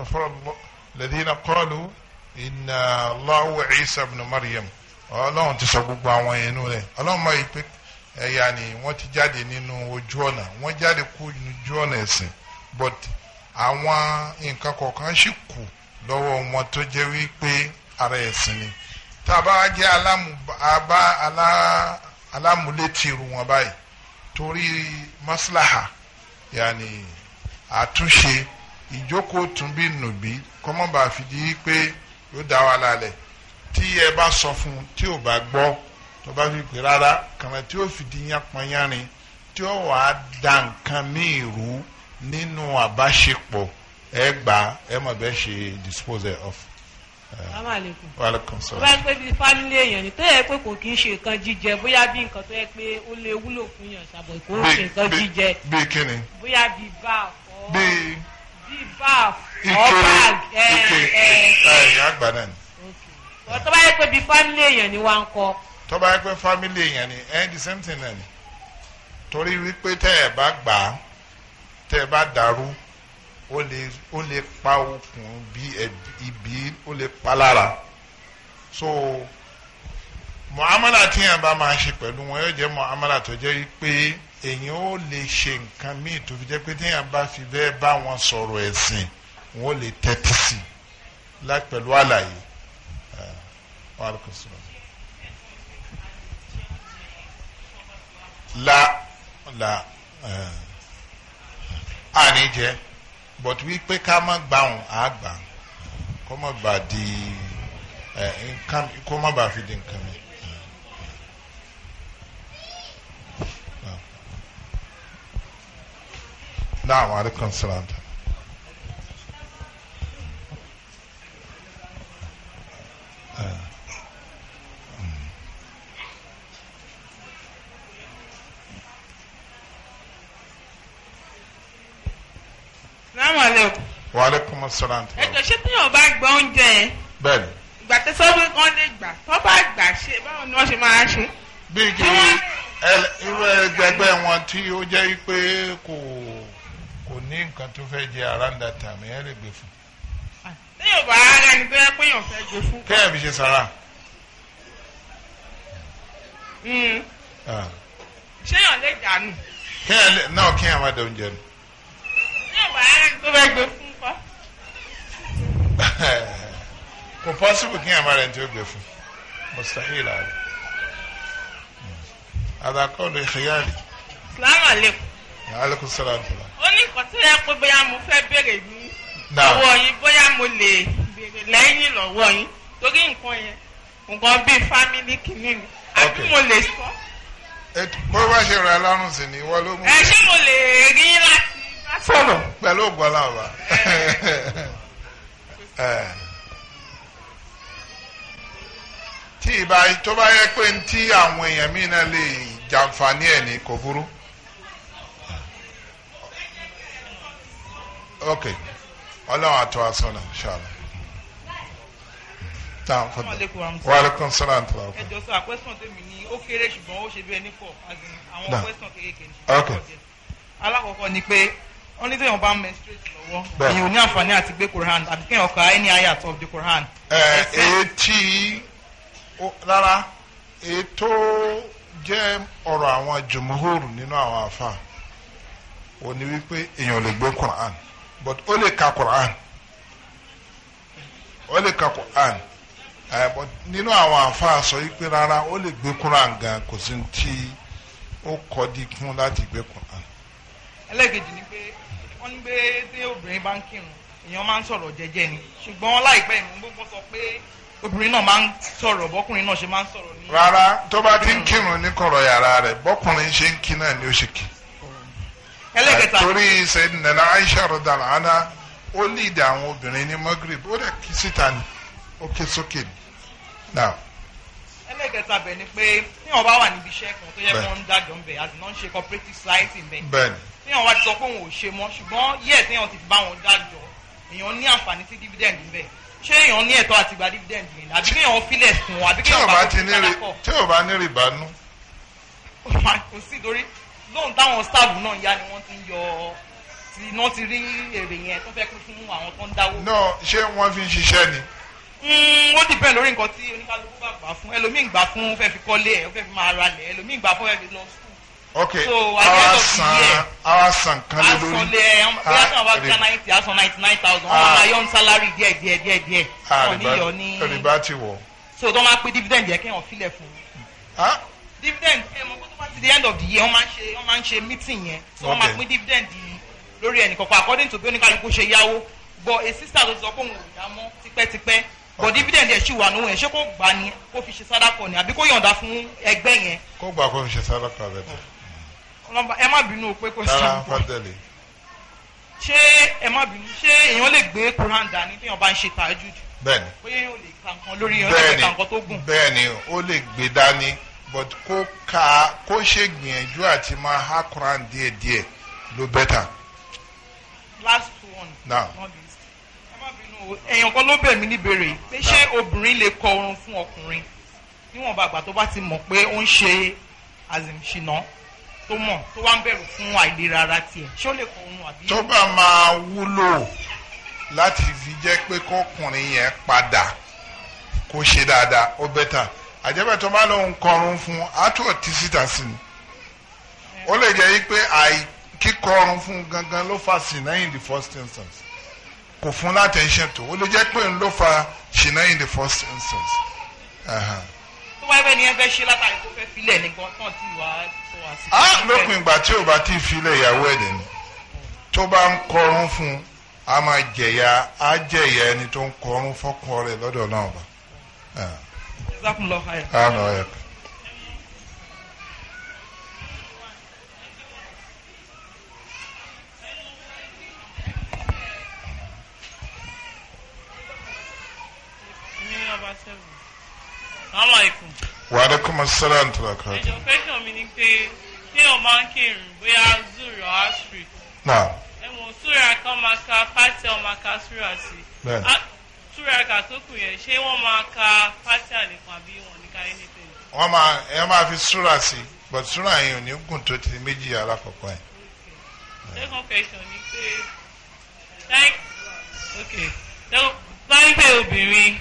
kafara ladina qalu inna Allahu Isa ibn Maryam ọlọ́run ti sọ gbogbo àwọn yẹn nù rẹ̀ ọlọ́run mọ̀ pé ẹ̀yà ni wọ́n ti jáde nínú ojú ọ̀nà wọ́n jáde kú ojú ọ̀nà ẹ̀sìn but àwọn nǹkan kọ̀ọ̀kan sì kù lọ́wọ́ wọn tó jẹ́ wípé ara ẹ̀sìn ni tá a bá jẹ́ alámúlétìrú wọn báyìí torí maslaha yàní àtúnṣe ìjókòó tún bí nùbí kọ́mọ́ bá fi di pé yóò dá wa lálẹ́ tí ẹ bá sọ fún un tí ò bá gbọ́ tó bá fi pè rárá kàmá tí ó fi di yánpọnyánrin tí ó wàá da nǹkan míì rú nínú àbáṣepọ̀ ẹ gbà ẹ mọ̀ bẹ́ẹ̀ ṣe dispose of. Uh, Salamaleykum. Waaleykum salaam. Wọ́n pẹ́ bíi fámílì èèyàn ni tó yẹ pé kò kí ń ṣe nǹkan jíjẹ bóyá bí nǹkan tó yẹ pé ó lè wúlò fún yàn ṣàbọ̀ kó ṣe nǹkan jíjẹ. Bóyá bíi bá ọ̀pọ̀. Bíi bíi baf ọ̀bag ẹ̀ẹ́dẹ́gbẹ̀rún. àgbà náà ni. tọ́ba yẹ pé bíi fámílì èèyàn ni wá ń kọ́. tọ́ba yẹ pé fámílì èèyàn ni ẹ̀ eh, the same thing náà ni. torí wípé tẹ́ ẹ bá gbà á tẹ́ ẹ bá dàrú ó lè pa okùn bí ibi ó lè pa lára so muamala tíyẹn bá máa ṣe pẹ̀lú wọn yóò jẹ́ muamala tó jẹ́ pé èyàn ó lè ṣe nǹkan míì tó fi jẹ́ pé téèyàn bá fi bẹ́ẹ̀ bá wọn sọ̀rọ̀ ẹ̀sìn wọn ó lè tẹ́tí sí i láì àlàyé. la la àní eh, jẹ but wípé ká má gbà wọn á gbà kó má bà di eh, nǹkan kó má bà fi di nǹkan mi. Naam, alaikum salaam. Wa alaikum salaam. Ẹ̀jọ̀ ṣé tí yóò bá gbọ́ oúnjẹ yẹn? Bẹ́ẹ̀ni. Ìgbà tí sọ́dún kan lè gbà, tó bá gbà ṣe báwo ni wọ́n ṣe máa ṣe? Bí kì irú ẹgbẹgbẹ wọn tí ó jẹ́ pé kò kò ní nǹkan tó fẹ́ jẹ àràǹdà tàmí ẹ lè gbé fún. ṣé yóò bá ara ni bẹ́ẹ̀ pé yóò fẹ́ gbé fún. kéèyàn fi ṣe Sara? ṣé yóò lè dànù. kéèyàn lè náà kéèyàn má da oúnjẹ nù. ṣé yóò bá ara ni tó fẹ́ gbé fún kọ́. kò pọ́sibù kéèyàn má rẹ̀ ní tó gbé fún mustahil ààrẹ. àdàkọ́ lè ṣe yára. salaamaleykum aleykum salaam. ó ní nǹkan tó yẹ pé bóyá mo fẹ́ béèrè ní lọ́wọ́ yín bóyá mo lè béèrè lẹ́yìn lọ́wọ́ yín torí nǹkan yẹn nǹkan bíi fámìlì kìíní ni àbí mo lè sọ. bó bá ṣe rà lárùn sí ni wọ́n ló mú. ẹ ṣé mo lè rí láti bá sọ̀rọ̀. pẹ̀lú ògbọ́n làwọn tí ìbá tó bá yẹ pé ń tí àwọn èèyàn míì náà lè jàǹfààní ẹ̀ ní kò burú. ok ọlọ́run àtọ́ asọ́nà ṣáàlà. wàlúkùn sọ́nà àtàlà ọkọ. ẹjọ sọ àpẹsàn tèmi ni ó kéré ṣùgbọ́n ó ṣe bí ẹni pọ̀ àwọn àpẹsàn kéékèèké ni. alákọ̀ọ́kọ́ ni pé wọ́n ní sẹ́yìn bá menstruate lọ́wọ́ ẹ̀yin ò ní àǹfààní àti gbé Quran àti kẹ́yìn ọkà any ayat of the Quran. ẹ etí rárá ètò jẹ́ ọ̀rọ̀ àwọn jùmọ̀hóòrù nínú àwọn àfa òní wípé èèyàn lè gbé Quran but ó lè ka Quran ó lè ka Quran ẹ eh, but nínú àwọn àfáà sọ yìí pé rárá ó lè gbé Quran gan kò sí ti ó kọ́ di kún láti gbé Quran. ẹlẹ́gẹ̀jì ni pé wọ́n ń gbé tí obìnrin bá ń kírun èèyàn máa ń sọ̀rọ̀ jẹ́jẹ́ ni ṣùgbọ́n láìpẹ́ ìmú gbogbo sọ pé obìnrin náà máa ń sọ̀rọ̀ bọ́kùnrin náà ṣe máa ń sọ̀rọ̀ ní. rárá tó bá ti ń kírun ní kọ̀rọ̀ yàrá rẹ̀ bọ́kùnrin ṣe ń kí náà ni ó ṣe kí ẹlẹ́kẹta. torí Sayyidina Aisha radal anha ó lead àwọn obìnrin ní Maghrib ó dẹ̀ kí síta ni ó ké sókè ni. ẹlẹ́kẹta bẹ̀ ni pé tí wọ́n bá wà níbi iṣẹ́ kan tó yẹ kí wọ́n ń dájọ́ ń bẹ̀ àti náà ń ṣe cooperative society ń bẹ̀ tí wọ́n wá ti sọ pé òun ò ṣe mọ́ ṣùgbọ́n yẹ́ẹ̀ tí wọ́n ti fi bá wọn dájọ́ èèyàn ní àǹfààní sí dividend ń bẹ̀ ṣé èèyàn ní ẹ̀tọ́ àti gba dividend yìí àbí kéèyàn filẹ̀ sùn àbí kéèyàn bá tó kọ́ tí ò lóhùn táwọn staff náà ya ni wọ́n ti ń yọ tí iná ti rí èrè yẹn tó fẹ́ pín fún àwọn tó ń dáwó. náà ṣé wọ́n fi ń ṣiṣẹ́ ni. Mm, ó ti bẹ́ẹ̀ lórí nǹkan tí oníkálukú bá gbà fún ẹlòmíì gbà fún fẹ́ fi kọ́lé ẹ̀ fẹ́ fi máa ra lẹ̀ ẹlòmíì gbà fún fẹ́ fi lọ sùn. ok àwa san àwa san kan lé lórí. àsọlẹ̀ ẹ̀ bóyá tí wọ́n bá ah, ninety àsan ninety nine thousand wọ́n máa yọ ń sálárì díẹ̀ díẹ̀ díẹ̀ díẹ̀ ah, wọ́n ní yọ ní. rìbá so tó máa pín dividend yẹ kí wọ́n filẹ̀ fún. Ah. dividend the end of the year wọ́n máa ń ṣe wọ́n máa ń ṣe meeting yẹn so wọ́n máa pín dividend lórí ẹnì kọ̀ọ̀kan according to bí oníkàlùkù ṣe yáwó but a sister ló sọ pé òun ò dá mọ́ tipẹ́tipẹ́ but dividend ẹ̀ ṣì wà níwọ̀n ẹ̀ ṣé kó gbà ní kó fi ṣe sádàkọ̀ ni àbí kó yọ̀ǹda fún ẹgbẹ́ yẹn. kó gbà kó fi ṣe sádàkọ̀ abẹ́tẹ̀. Hmm. ọlọ́mọba ẹ má bínú o pé kó sàn bọ̀ ṣé ẹ má bínú ṣé èèyàn lè gbé Quran dání téèyàn bá ń ṣe tàájú. bẹ́ẹ̀ni bẹ́ẹ̀ni bẹ́ẹ̀ni ó lè gbé dání but kó ka kó ṣe gbìyànjú àti máa há Quran díẹ̀ ló bẹ́tà. last one. now èèyàn kan ló bẹ̀ mí níbèrè pé ṣé obìnrin lè kọ orun fún ọkùnrin níwọ̀nba àgbà tó bá ti mọ̀ pé ó ń ṣe àzìmṣìnà tó mọ̀ tó wá ń bẹ̀rù fún àìlera ara tiẹ̀ ṣé ó lè kọ orun àbí. tó bá máa wúlò láti fi jẹ́ pé kọkùnrin yẹn padà kó ṣe dáadáa ó bẹ́tà àjẹbẹ̀tọ́ bá lóun kọrun fún àtúwọ̀ tí síta sí ni ó lè jẹ́ pé kíkọrun fún gangan ló fa sinna in the first instance kò fún látẹ̀ṣẹ̀ tó ó lè jẹ́ pé n ló fa sinna in the first instance. tó bá bẹ́ẹ̀ ni ẹ fẹ́ ṣe látàrí tó fẹ́ filẹ̀ nìkan tán tí wàá tó wá sí. á ah, lópin ìgbà tí ò bá ti filẹ̀ ìyàwó ẹ̀ dẹ̀ ni tó bá ń kọrun fún un a máa jẹ̀yà á jẹ̀yà ẹni tó ń kọrun fọ́kọ rẹ̀ lọ́dọ̀ náà bá. Uh jazakumullahu khairan. àmì ọ̀yẹ̀. Wa alaikum assalam tó bá kọ́. Ẹ̀jọ̀ pẹ́sàn mi ni pé ṣé o máa ń kírun bóyá zuru or asri? Náà. Ẹ̀wọ̀n súra kan máa ka pàṣẹ ọmọ ká súra sí. Bẹ́ẹ̀ni túraka tó kù yẹn ṣé wọ́n máa ka fatia nìkan àbí wọn ní ká anything. wọ́n máa ẹ máa fi súra sí i but súra yẹn ò ní gùn tó ti méjì alákọ̀ọ́kọ́ yẹn. second question ni pé like okay láìpẹ́ obìnrin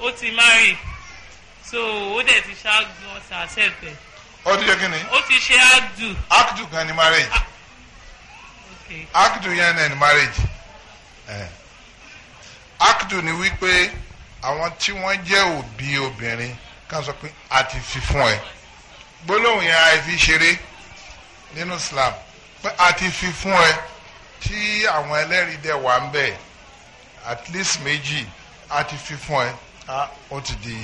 ó ti marry so ó dẹ̀ ti ṣáájú ọ̀sẹ̀ àṣẹ̀fẹ̀. ó ti jẹ́ kí ni. ó ti ṣe áàdù. áàdù gan ni marriage. Ah, áàdù yẹn náà ni marriage. Eh akdu ni wípé àwọn tí wọ́n jẹ́ òbí obìnrin kan sọ pé a ti fi fún ẹ gbólóhùn yẹn a fi ṣeré nínú Islam pé a ti fi fún ẹ tí àwọn ẹlẹ́rìí dẹ̀ wà ń bẹ̀ at least méjì a ti fi fún ẹ ó ti di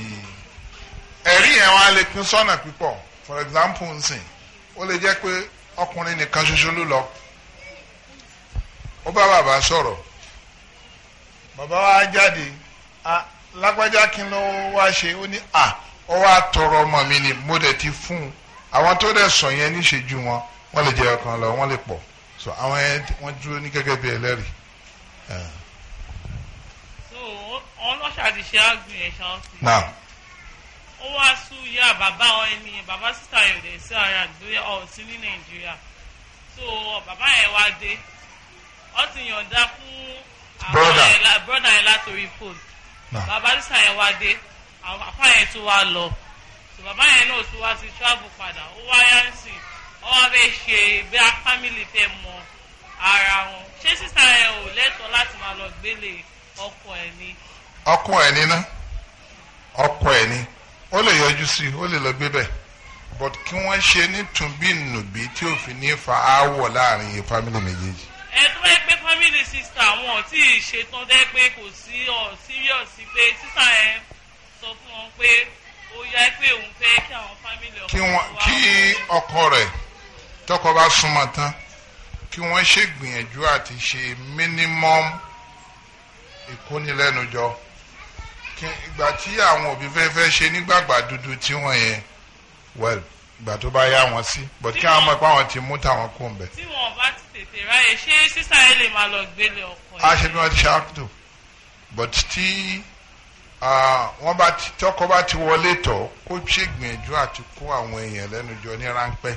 ẹ̀rí yẹn wá lè pín sọ́nà pípọ̀ for example nsìn ó lè jẹ́ pé ọkùnrin nìkan ṣoṣo ló lọ ó bá bàbá sọ̀rọ̀ bàbá wa jáde lágbájá kí ló wá ṣe ó ní à ó wá tọrọ ọmọ mi ni mo dẹ̀ ti fún un àwọn tó dẹ̀ sọ yẹn níṣẹ́jú wọn wọ́n lè jẹ́ ọkàn lọ wọ́n lè pọ̀ so àwọn yẹn wọ́n dúró ní gẹ́gẹ́ bí ẹlẹ́rìí. so ọlọ́ṣà ti ṣe àgbìn ẹ̀ṣọ́ sí i. ó wá sú ìyá bàbá ẹni bàbá sísá yóò dé sí ara àdúyà ọ̀sìn ní nàìjíríà so bàbá yẹn wá dé ó ti yọ̀ǹda fún Brother, brother, yẹn látòrí phone bàbá dísà yẹn wá dé àwọn àpá yẹn tún wá lọ bàbá yẹn náà tún wá sí travel padà ó wá yá sí ọ wá fẹ́ ṣe bí a family fẹ́ mọ ara wọn ṣé sísá yẹn ò lẹ́tọ̀ọ́ láti máa lọ gbélé ọkọ ẹ̀ ni. ọkọ ẹ̀ ni ná ọkọ ẹ̀ ni ó lè yọjú sí ó lè lọ gbé bẹ́ẹ̀ but kí wọ́n ṣe nítùbí nùbí tí òfin ní fa aáwọ̀ láàrin family méjèèjì ẹ tó bá pé family sister wọn tí ì ṣetán dẹ́ pé kò sí ọ serious pé sísà ẹ sọ fún wọn pé ó yá pé òun fẹ́ kí àwọn family ọkọ wa. kí ọkọ rẹ̀ tọkọ bá súnmọ́ tán kí wọ́n ṣègbìyànjú àti ṣe minimum ìkónilẹ́nujọ ìgbà tí àwọn òbí fẹ́ fẹ́ ṣe nígbàgbà dúdú tí wọ́n yẹn well ìgbà tó bá yá wọn sí but kí àwọn ọmọ ẹ̀pá wọn ti mú táwọn kó ń bẹ̀. tí wọn bá ti tètè ráyè ṣé sísá yẹn lè máa lọ gbélé a ṣe bí wọn ti ṣe but tí wọn bá ti tọkọ bá ti wọlé tọ kó ṣègbìyànjú àti kó àwọn èèyàn lẹ́nu jọ ní ráńpẹ́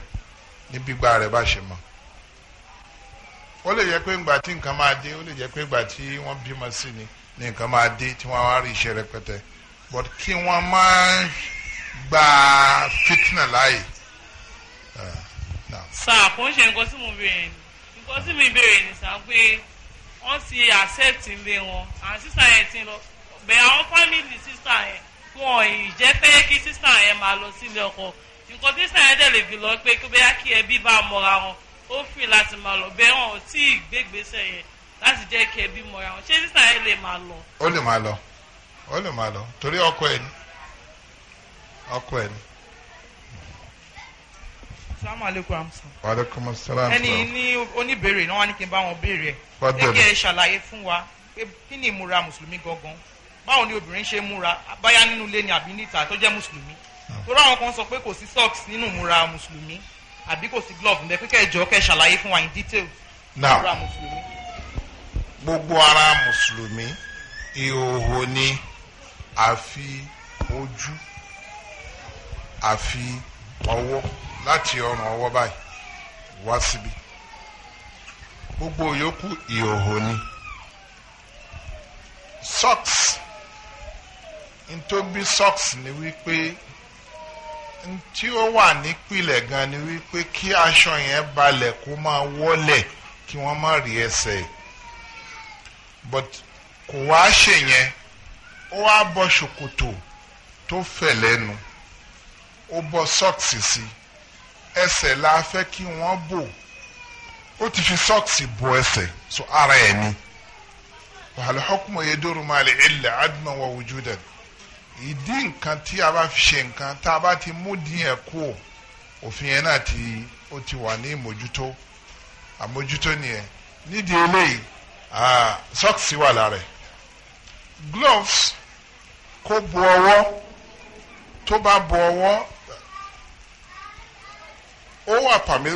ní gbígbà rẹ̀ bá ṣe mọ́ ó lè jẹ́ pé ìgbà tí nǹkan máa dé ó lè jẹ́ pé ìgbà tí wọ́n bímọ sí ni ní nǹkan máa dé tí wọ́n á rí iṣẹ́ rẹpẹtẹ but kí wọ́n máa gba fitna láàyè. Ah, sáà kò ń ṣe nǹkan tí mo bèèrè ni nǹkan tí mi béèrè ní pé wọ́n ti accept ilé wọn and sísá yẹn ti lọ bẹ̀ àwọn family sísá yẹn kí wọ́n ìjẹ́ pé kí sísá yẹn máa lọ sílé ọkọ nǹkan tí sísá yẹn dẹ̀ lè fi lọ pé kí bóyá kí ẹbí bá mọ́ra wọn ó fi láti máa lọ bẹ́ẹ̀ wọn ò tí ì gbégbèsè yẹn láti jẹ́ kí ẹbí mọ́ra wọn ṣé sísá yẹn lè máa lọ. ó lè máa lọ ó lè máa lọ torí ọkọ ẹ ni ọkọ ẹ ni salaamaleykum amsa. waaleykum salaam. ẹni ní oníbèrè náà wà ní kí n bá wọn béèrè ẹ. fàdébẹ̀ ẹ kí ẹ ṣàlàyé fún wa pé kí ni ìmúra mùsùlùmí gangan báwo ni obìnrin ṣe múra báyá nínú ilé ni àbí níta tó jẹ́ mùsùlùmí. Ah. torí àwọn kan sọ pé kò sí socks nínú ìmúra mùsùlùmí àbí kò sí glove ǹbẹ pé kẹjọ kẹ ṣàlàyé fún wa in detail. now gbogbo ara mùsùlùmí ìhòòhò ni àfi ojú àfi ọwọ́. láti ọrùn ọwọ́ báyìí wá síbi gbogbo yòókù ìhòhò ni socks ntóbi socks ni wípé tí ó wà nípìlẹ̀ gan ni wípé kí aṣọ yẹn balẹ̀ kó máa wọ́lẹ̀ kí wọ́n má rí ẹsẹ̀ but kò wá ṣèyẹn ó wá bọ́ ṣòkòtò tó fẹ̀ lẹ́nu ó bọ́ sọ́ọ̀sì sí i ẹsẹ̀ la fẹ́ kí wọ́n bò ó ti fi sọ́ọ̀kì bo ẹsẹ̀ so ara ẹ̀ ni wàhálà hukmu yaduru ma'al illa adman wa wujudan ìdí nǹkan tí a bá fi ṣe nǹkan tá a bá ti mú dín ẹ̀ kú o òfin yẹn náà ti ó ti wà ní ìmójútó àmójútó nìyẹn nídìí eléyìí sọ́ọ̀kì wà lára ẹ̀ gloves kó bo ọwọ́ tó bá bo ọwọ́ ó wà pàmí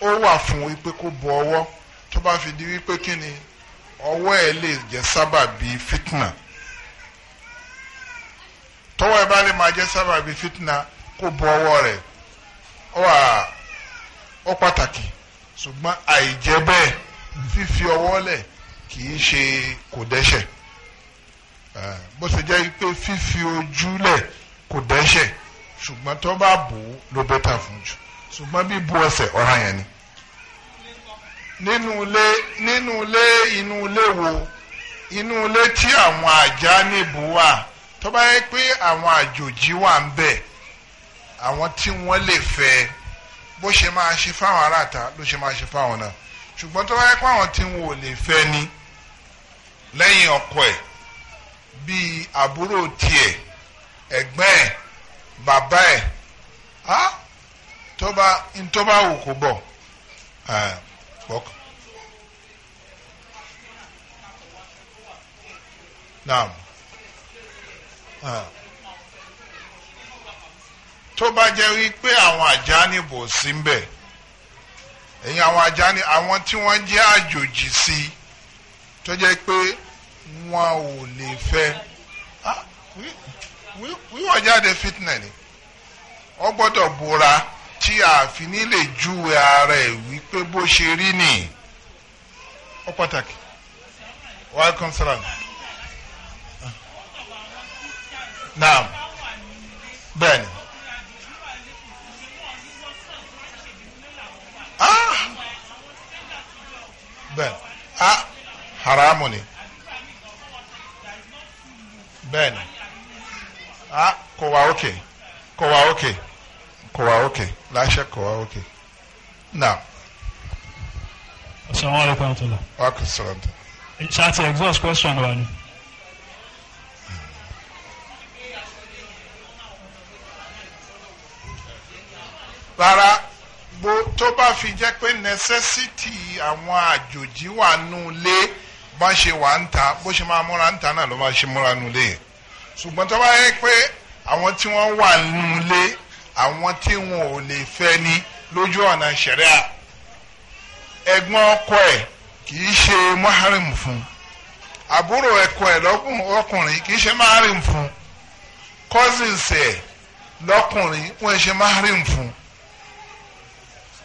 ó wà fún wípé kó bọ ọwọ́ tó bá fi di wípé kí ni ọwọ́ ẹ̀ lè jẹ́ sábà bíi fitna tọwọ́ ẹ̀ bá lè máa jẹ́ sábà bíi fitna kó bọ ọwọ́ rẹ̀ ó wà ó pàtàkì ṣùgbọ́n àìjẹ́ bẹ́ẹ̀ fífi ọwọ́ lẹ̀ kì í ṣe kò dẹ́ṣẹ̀ bó ṣe jẹ́ pé fífi ojú lẹ̀ kò dẹ́ṣẹ̀ ṣùgbọ́n tó bá bò ó ló bẹ́tà fún jù ṣùgbọ́n bí bu ẹsẹ̀ ọ̀ràn yẹn ni nínú ilé nínú ilé inú ilé wo inú ilé tí àwọn àjà níbù wà tó bá yẹ pé àwọn àjòjì wà ń bẹ̀ àwọn tí wọ́n lè fẹ́ bó ṣe máa ṣe fáwọn aráàta ló ṣe máa ṣe fáwọn náà ṣùgbọ́n tó bá yẹ pé àwọn tí wọn ò lè fẹ́ ni lẹ́yìn ọkọ ẹ̀ bíi àbúrò tiẹ̀ ẹ̀gbọ́n ẹ̀ bàbá ẹ̀ ah Eh, eh. tọba ntọba awoko kó bọ gbọkàn naam tó bá jẹ́ wípé àwọn àjánibò sí ń bẹ ẹ̀yin àwọn àjáni àwọn tí wọ́n jẹ́ àjòjì sí i tó jẹ́ pé wọn ò lè fẹ́ ah, wíwọ̀ jáde fitna ni wọ́n gbọ́dọ̀ bora. tí ààfin nílè júwe ara ẹ̀ wípé bó ṣe rí nì ó pàtàkì welcome salam naam bẹ́ẹ̀ni ah bẹ́ẹ̀ni ah haramu ni bẹ́ẹ̀ni ah kò wá òkè kò wá òkè. Okay kò wá òkè láṣẹ kò wá òkè now. asalaamu alaykum wa rahmatulah. wa kò sọ̀rọ̀ ntẹ. ṣáàtì exhaust question wa ni. rárá bó tó bá fi jẹ́ pé necessity àwọn àjòjì wà nù lé bá ṣe wà ń ta bó ṣe máa múra ń ta náà ló máa ṣe múra nù lé ṣùgbọ́n tó bá yẹ pé àwọn tí wọ́n wà nù lé àwọn tí wọn ò lè fẹ́ ni lójú ọ̀nà ṣẹ̀ríà ẹ̀gbọ́n ọkọ ẹ̀ kì í ṣe muharim fún àbúrò ẹ̀kọ́ ẹ̀ lọ́kùnrin kì í ṣe muharim fún cousins ẹ̀ lọ́kùnrin wọ́n ṣe muharim fún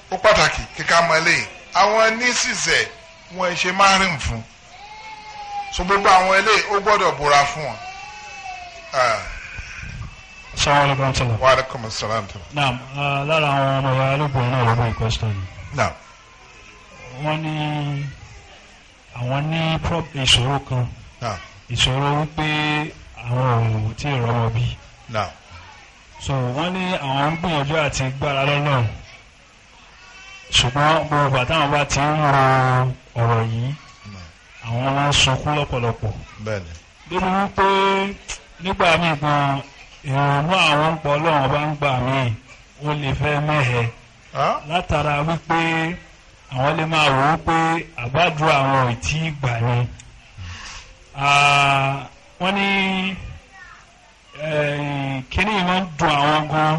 ó pàtàkì kíkà mọ́lẹ̀ àwọn nieces ẹ̀ wọ́n ṣe muharim fún so gbogbo àwọn eléyìí ó gbọ́dọ̀ bóra fún wọn. Uh sàwọn ọlọ́pàá tó lọ. wàhálà kọ́mọ sàlám tó. na lára àwọn ọmọ ya alóbìnrin náà ló bẹ̀rẹ̀ question. naam. wọ́n ní àwọn ní ìṣòro kan. naam. ìṣòro wípé àwọn ò tí ì rọmọ bí. naam. so wọ́n ní àwọn ń gbìyànjú àti gbára lọ́nà ṣùgbọ́n gbogbo àtàwọn bá ti ń ro ọ̀rọ̀ yìí àwọn máa ń sunkún lọ́pọ̀lọpọ̀. bẹ́ẹ̀ni. bí wọ́n pé nígbà míì gan-an ìrànwọ́ àwọn ń pọ̀ ọlọ́run bá ń gbà mí ó lè fẹ́ mẹ́hẹ̀ látara wípé àwọn lè máa wò ó pé àbádùn àwọn ò tí ì gbà ni wọ́n ní kíní yìí ń dùn àwọn gan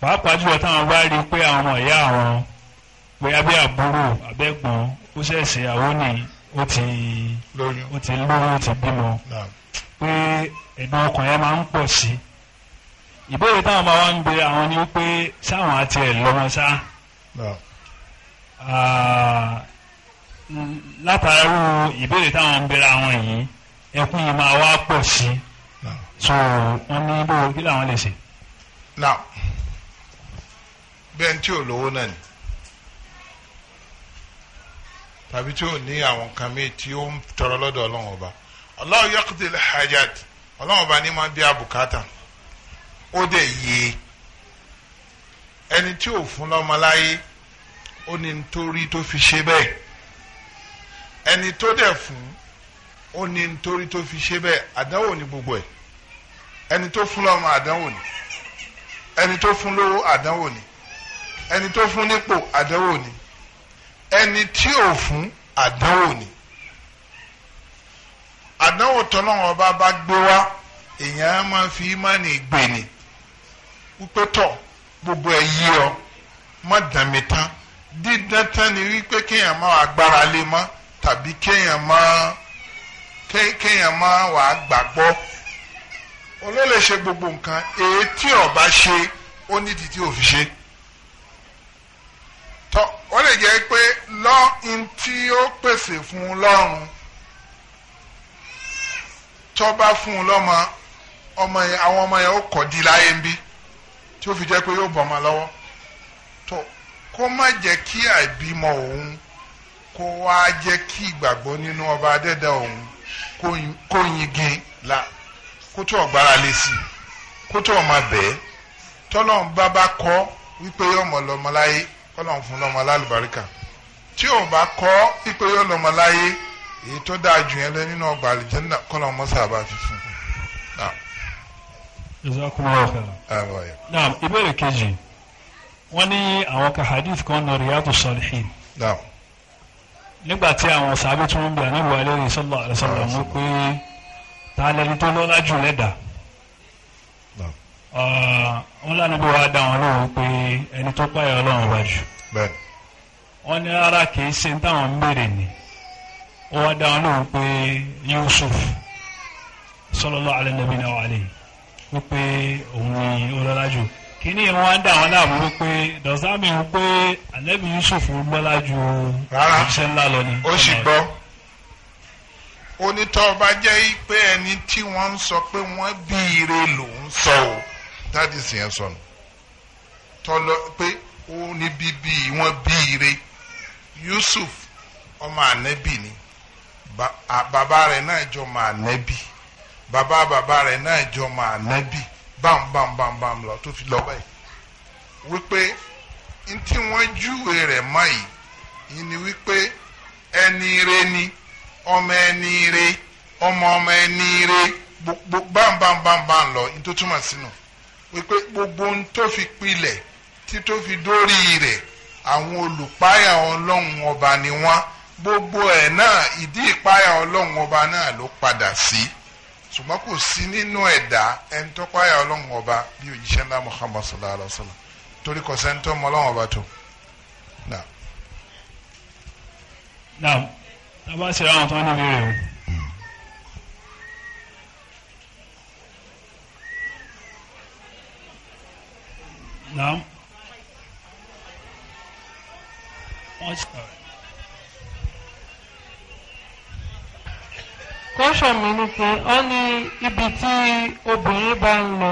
pàápàá jùlọ táwọn bá rí i pé àwọn ọmọ àwọn pé abẹ́ àbúrò abẹ́gbọ̀n ó ṣẹ̀ṣẹ̀ àwọn ni ó ti lóyún ó ti bímọ pé ìdùn ọkàn yẹn máa ń pọ̀ sí i ìbéèrè táwọn bá wá ń gbé àwọn ni pé sáwọn àti ẹ̀ lọ́mọ sá látàrú ìbéèrè táwọn ń bẹ̀rẹ̀ àwọn yìí ẹkún yìí máa wá pọ̀ sí i so wọ́n ní bó kí làwọn lè ṣe. now bẹ́ẹ̀ tí ò lówó náà ni tàbí tí ò ní àwọn kan míì tí ó ń tọrọ lọ́dọ̀ ọlọ́run ọba Allahu yaqdi al-hajat ọlọ́run ọba ní máa bí abùkátà ó dẹ̀ yé ẹni tí ò fún lọ́mọláyé ó ní nítorí tó fi ṣe bẹ́ẹ̀ ẹni tó dẹ̀ fún ó ní nítorí tó fi ṣe bẹ́ẹ̀ àdánwò ní gbogbo ẹ̀ ẹni tó fún lọ́mọ àdánwò ni ẹni tó fún lówó àdánwò ni ẹni tó fún nípò àdánwò ni ẹni tí ò fún àdánwò ni àdánwò tọ́lọ́wọ́n ọba bá gbé wá èèyàn á máa fi ìmánì gbè ní wípé tọ̀ gbogbo ẹ̀ yí ọ má dàn mí tán dídán tán ni wípé kéèyàn má wàá gbára lé mọ́ tàbí kéèyàn má kéèyàn má wàá gbàgbọ́ olólè ṣe gbogbo nǹkan èyí ọba ṣe ó ní títí òfin ṣe tọ́ ó lè jẹ́ pé lọ́ọ́ ó pèsè fún lọ́rùn tó bá fún un lọ́mọ ọmọ yẹn àwọn ọmọ yẹn ó kọ̀ di láyé ń bí tí ó fi jẹ́ pé yóò bọ̀ ọmọ lọ́wọ́ tó kó má jẹ́ kí àìbímọ òun kó wá jẹ́ kí ìgbàgbọ́ nínú ọba adẹ́dà òun kó yingin la kó tó ọ̀gbára lé sí kó tó ọmọ bẹ́ẹ̀ tọ́lọ́n bá bá kọ́ wípé yóò mọ̀ lọ́mọ láyé kọ́lọ́n fún lọ́mọ lálùbáríkà tí ò bá kọ́ wípé yóò lọ́mọ láyé èyí tó dáa jù yẹn lọ nínú ọgbà àlùjẹ́nà kọ́nà mọ́sá bá fi fún un. naam ìbéèrè kejì wọ́n ní àwọn ka hadith kan nọ Riyadu Salihin nígbà tí àwọn sàbẹ̀ tí wọ́n bí anáwó alẹ́rìí sọ́lá àlẹ́sọ̀lá wọn pé ta lẹni tó lọ́lá jù lẹ́dà wọ́n lánàá bí wàá dá wọn lóhùn pé ẹni tó pààyà ọlọ́run bá jù wọ́n ní rárá kì í ṣe táwọn ń béèrè ni ó wá dá Yusuf sallallahu alẹ́ nàbí náà wà lè wípé òun ni ó lọ́lá jù kíní ìwọ̀n á dà wọ́n láàmú wípé dọ̀sámi wípé ànábì Yusuf lọ́lá jù ńlá lọ ni. ó sì gbọ́ onítọ́ bá jẹ́ pé ẹni tí wọ́n ń sọ pé wọ́n bí ire lòún sọ o dáàdì sì yẹn sọnù tọ́lọ pé ó ní bíbí wọ́n bí ire Yusuf ọmọ ànábì ni Baba rẹ̀ náà jọ máa nẹ́bí bàbá bàbá rẹ̀ náà jọ máa nẹ́bí bam bam bam bam lọ tó fi lọ báyìí wípé ntí wọ́n júwe rẹ̀ mọ́ yìí yìí ni wípé ẹni re ni ọmọ ẹni re ọmọ ọmọ ẹni re gbogbo bam bam bam bam lọ ní tó túmọ̀ sínú wípé gbogbo ohun tó fi pilẹ̀ tí fi dórí rẹ̀ àwọn olùpáyà ọlọ́run ọba ni wọ́n gbogbo ẹ̀ náà ìdí ìpáyà ọlọ́run ọba náà ló padà sí ṣùgbọ́n kò sí nínú ẹ̀dá ẹni tó páyà ọlọ́run ọba bí òjíṣẹ́ ńlá Muhammad sallallahu alayhi wa sallam torí kò sẹ́ni tó mọ ọlọ́run ọba tó. naam tábà ṣe àwọn question mi ni pé ó ní ibi tí obìnrin bá ń lọ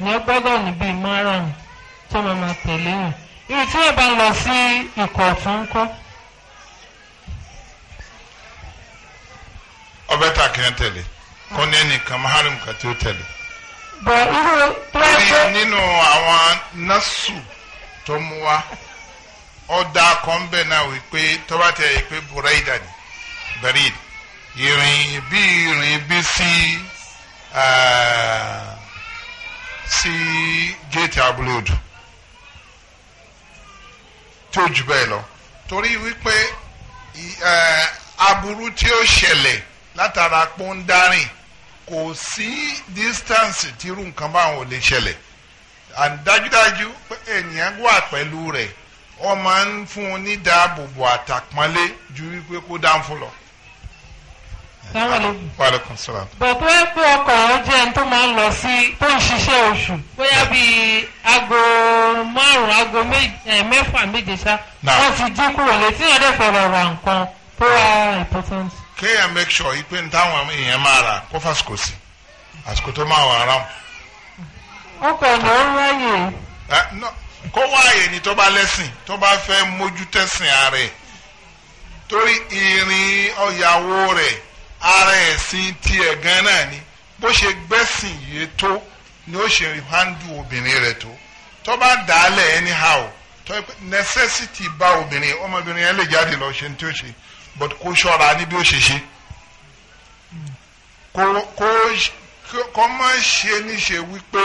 ní ó gbọ́dọ̀ níbi ìmọ̀ràn tó máa tẹ̀lé yàn ibi tí wọ́n bá lọ sí ikọ̀ ọ̀tún ń kọ́. ọbẹ̀ tà kí n tẹ̀lé kó ní ẹnìkan maharim kan tí ó tẹ̀lé. bọ̀ irú tó ń nínú àwọn násù tó mú pé ni ìrìn bí ìrìn bí sí sí géètì abúlóòdù tí ó jù bẹ́ẹ̀ lọ torí wípé aburú tí ó ṣẹlẹ̀ látara pọ́ńdárìn kò sí distance tí irú nǹkan báwọn ò lè ṣẹlẹ̀ and dájúdájú ènìyàn wà pẹ̀lú rẹ̀ ó máa ń fún un ní dáàbòbò àtàpọ́nlé ju wípé kó dáńfó lọ wàlẹ́kùn sọ́la. bọ̀dọ̀ ẹ pé ọkọ̀ ọjọ́ ẹni tó máa ń lọ sí tó ń ṣiṣẹ́ oṣù bóyá bíi aago márùn-ún aago mẹ́fà méje ṣá wọ́n ti dín kúrò létí yẹn dẹ̀ fọ̀rọ̀ ra nǹkan tó wà important. kéèyàn make sure yìí pé táwọn èèyàn máa rà kó fàsìkò sí àsìkò tó máa wà ráhùn. ọkọ̀ ọ̀nà ó ráyè. kó wáyè ni tó bá lẹ́sìn tó bá fẹ́ mójútẹ́sìn ààrẹ torí ìrìn ọ̀yàwó rẹ̀ ara ẹ̀sìn tiẹ̀ gan náà ni bó ṣe gbẹ́sìn yìí tó ni ó ṣe handu obìnrin rẹ̀ tó tó bá dà á lẹ̀ anyhow tó necessity bá obìnrin ọmọbìnrin yẹn lè jáde lọ ṣe ní tí ó ṣe but kó ṣọ́ra ní bí ó ṣe ṣe kó kó kó má ṣe níṣe wípé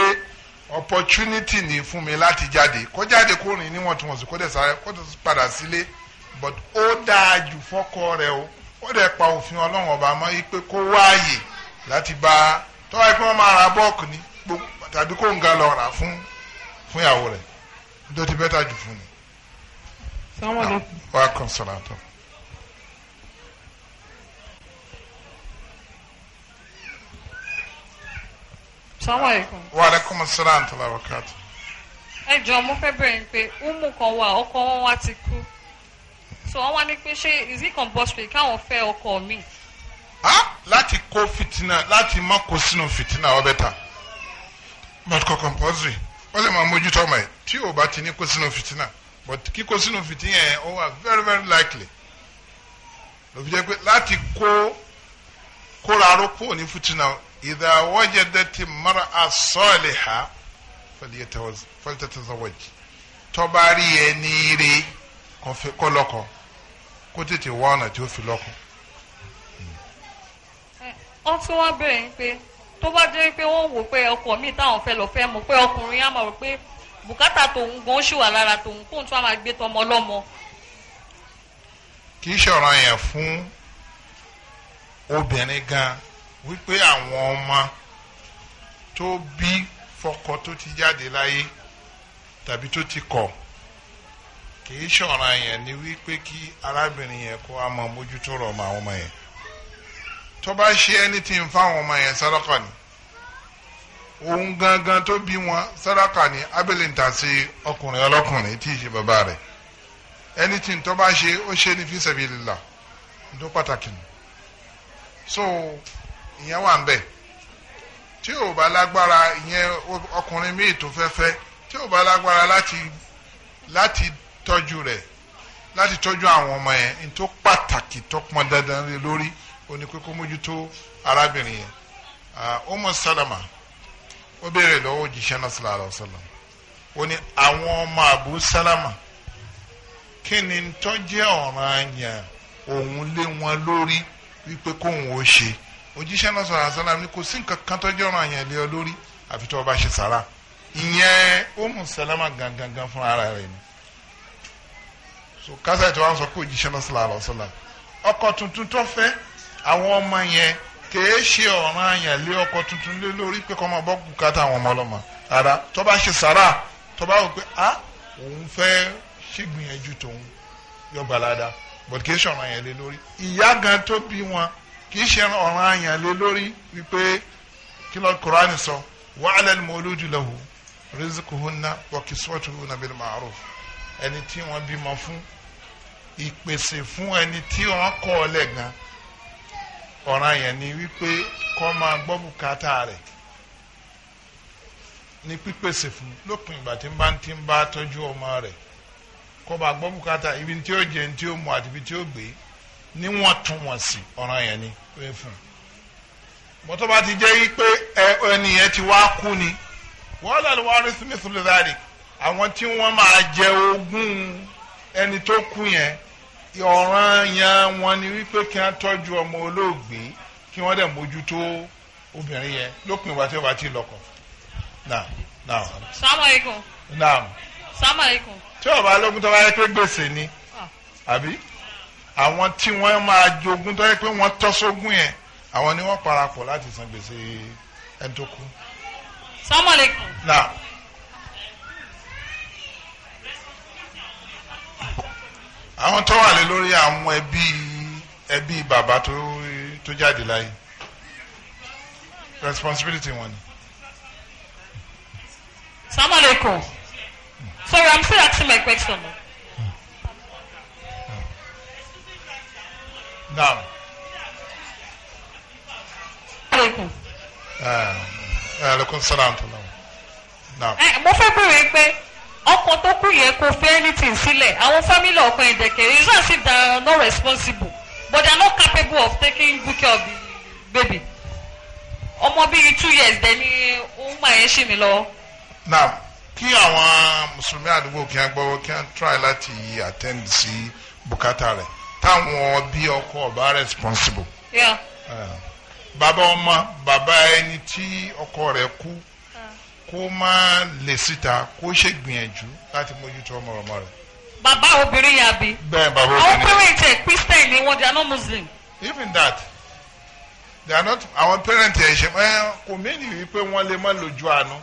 opportunity ni fún mi láti jáde kó jáde kó rìn níwọ̀ntúnwọ̀nsì kó dẹ̀ sáré kó dẹ̀ padà sílé but ó dáa jù fọ́kọ rẹ̀ o wọ́n dẹ̀ pa òfin ọlọ́run ọba mọ́ pé kó wáàyè láti bá tọ́wọ́ pé wọ́n máa ra bọ́ọ̀kì ní tàbí kó ń ga lọ rà fún fún ìyàwó rẹ̀ tó ti bẹ́tà jù fún mi. sọ́wọ́n wàá kàn sọ̀rọ̀ àtọ̀. sọ́wọ́n ẹ̀kọ́. wà á lẹ́kọ̀ọ́ sọ́rọ̀ àtọ̀ làwọn káàtó. ẹ jọ mo fẹ́ bẹ̀rẹ̀ pé umu kan wà ọkọ wọn wá ti kú so wọ́n wá ní pé ṣé is it compulsory káwọn fẹ́ ọkọ mi. láti kó fìtínà láti má kó sínú fìtínà ọbẹ̀ ta but kò compulsory ó lè máa mójútó ọmọ ẹ̀ tí ò bá ti ní kó sínú fìtínà but kíkó sínú fìtínà yẹn ó wà very very likely ló fi jẹ́ pé láti kó kóra arókò ní fìtínà idha wajadat mar'a salihah falyatazawwaj tó bá rí ẹni rí kọlọ́kọ̀ọ́ kó tètè wá ọ̀nà tí ó fi lọ́kọ. wọ́n tún wá bẹ̀rẹ̀ pé tó bá jẹ́ pé wọ́n wò pé ọkọ mi táwọn fẹ́ lọ fẹ́ mọ̀ pé ọkùnrin á máa rò pé bùkátà tòun gan ṣì wà lára tòun kóun tún á máa gbé tọmọ lọ́mọ. kì í ṣọ̀ràn yẹn fún obìnrin gan wípé àwọn ọmọ tó bí fọkọ tó ti jáde láyé tàbí tó ti kọ̀ kì í ṣọ̀ràn yẹn ni wípé kí arábìnrin yẹn kó a máa mójútó rọ̀ mọ́ àwọn ọmọ yẹn tó bá ṣe anything fáwọn ọmọ yẹn sàdákà ni òun gangan tó bí wọn sàdákà ni abẹ́lẹ̀ ń ta sí ọkùnrin ọlọ́kùnrin tí ì ṣe bàbá rẹ̀ anything tó bá ṣe ó ṣe ní fi sabilillah tó pàtàkì nù so ìyẹn wà ń bẹ̀ tí ò bá lágbára ìyẹn ọkùnrin míì tó fẹ́ fẹ́ tí ò bá lágbára láti láti tọ́jú rẹ̀ láti tọ́jú àwọn ọmọ yẹn ní tó pàtàkì tó pọn dandan lé lórí ó kókó mójútó arábìnrin yẹn ọmọ ah, sálámà ó béèrè lọ́wọ́ òjíṣẹ́ náà sallallahu alaihi ó ní àwọn ọmọ àbú sálámà kí ni tọ́jú ọ̀ràn yẹn òun lé wọn lórí wípé ó gangan fún so kásá ètò wọn sọ pé òjíṣẹ́ náà sọlá àlọ́ sọlá ọkọ tuntun tó fẹ́ àwọn ọmọ yẹn kèé ṣe ọ̀ràn àyàn lé ọkọ tuntun lé lórí pé kọ́ máa bọ́ bùkátà àwọn ọmọ ọlọ́mọ ara tó bá ṣe sàrà tó bá wò pé a òun fẹ́ ṣègbìyànjú tòun yọ gbàládà but kìí ṣe ọ̀ràn àyàn lé lórí ìyá gan tó bí wọn kìí ṣe ọ̀ràn àyàn lé lórí wípé kí ló Kùránì sọ wa 'ala al-mawludi lahu rizquhunna wa kiswatuhunna bil ma'ruf ẹni tí wọ́n bímọ fún ìpèsè fún ẹni tí wọ́n kọ́ ọ lẹ́gàn ọ̀ràn yẹn ni wípé kó máa gbọ́ bùkátà rẹ̀ ní pípèsè fún lópin ìgbà tí ń bá ti ń bá tọ́jú ọmọ rẹ̀ kó bá gbọ́ bùkátà ibi tí ó jẹ ní tí ó mu àti ibi tí ó gbé níwọ̀ntúnwọ̀nsì ọ̀ràn yẹn ni ó fún un mọ́tò bá ti jẹ́ yí ẹni yẹn ti wá kú ni wọ́n lálẹ́ wá rí smith lórí àwọn tí wọ́n máa jẹ ogún ẹni tó kú yẹn ọ̀ràn yẹn wọn ni wípé kí wọ́n tọ́jú ọmọ olóògbé kí wọ́n dẹ̀ mójútó obìnrin yẹn lópin ìgbà tí ó bá ti lọ́kọ. naam naam. sàmàlíkùn. naam. sàmàlíkùn. tí ọba lógún tó bá yẹ pé gbèsè ni ah. àbí àwọn tí wọ́n máa jogún tó yẹ pé wọ́n tọ́ sógún yẹn àwọn ni wọ́n parapọ̀ láti san gbèsè ẹni tó kú. sàmàlíkùn. àwọn tó wà lé lórí àwọn ẹbí ẹbí bàbá tó tó jáde láyé responsibility wọn ni. salamaleykum sorry i'm still asking my question. now. salamaleykum. ẹ ẹ lókun sọ́dọ̀ àǹtọ̀ náà. mo fẹ́ bẹ̀rẹ̀ pé ọkọ tó kù yẹn kò fẹ́ anything sílẹ̀ àwọn family ọkọ yẹn dẹ̀kẹ̀ it's as if they are not responsible but they are not capable of taking good care of the baby ọmọ bíi two years dẹ̀ ni òun máa yẹn ṣì mí lọ. now kí àwọn mùsùlùmí àdúgbò kí wọ́n gbọ́wọ́ kí wọ́n try láti attend sí bùkátà rẹ̀ táwọn bí ọkọ ọba responsible. Yeah. Uh, bàbá ọmọ bàbá ẹni tí ọkọ rẹ̀ kú kó má lè síta kó ṣègbìyànjú láti mójútó ọmọ ọmọ rẹ. bàbá obìnrin yà bí. bàbá obìnrin. àwọn parent ẹ̀ christian ni wọ́n they are not muslim. even that they are not àwọn parent ẹ̀ ṣe ẹ kò méjì wípé wọ́n lè má lójú àánú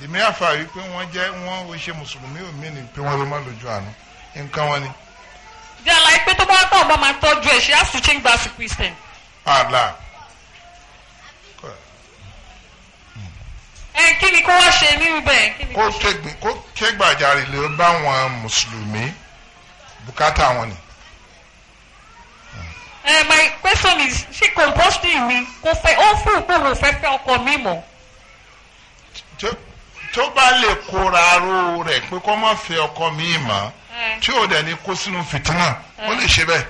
dèmí àfà wípé wọ́n jẹ́ wọ́n ò ṣe mùsùlùmí ò mí ni wọ́n lè má lójú àánú nǹkan wọn ni. jẹ́ àlàyé pé tó bá wà tó ọ̀gbọ́n máa tọ́jú ẹ̀ ṣe àsùnchín gbà sí christian. àlà. Ah, ẹ kí ni kó wá ṣe nírú bẹ́ẹ̀. kó kégbìn kó kégbàjarè lè bá wọn mùsùlùmí bùkátà wọn ni. ẹ my question is ṣé composting mi kò fẹ́ ó fún un pé òun fẹ́ fẹ́ ọkọ mi mọ́. tó bá lè kóra ro rẹ̀ pé kó má fẹ́ ọkọ mi mọ́ tí ò dẹ̀ ní kó sínú fìtínà ó lè ṣe bẹ́ẹ̀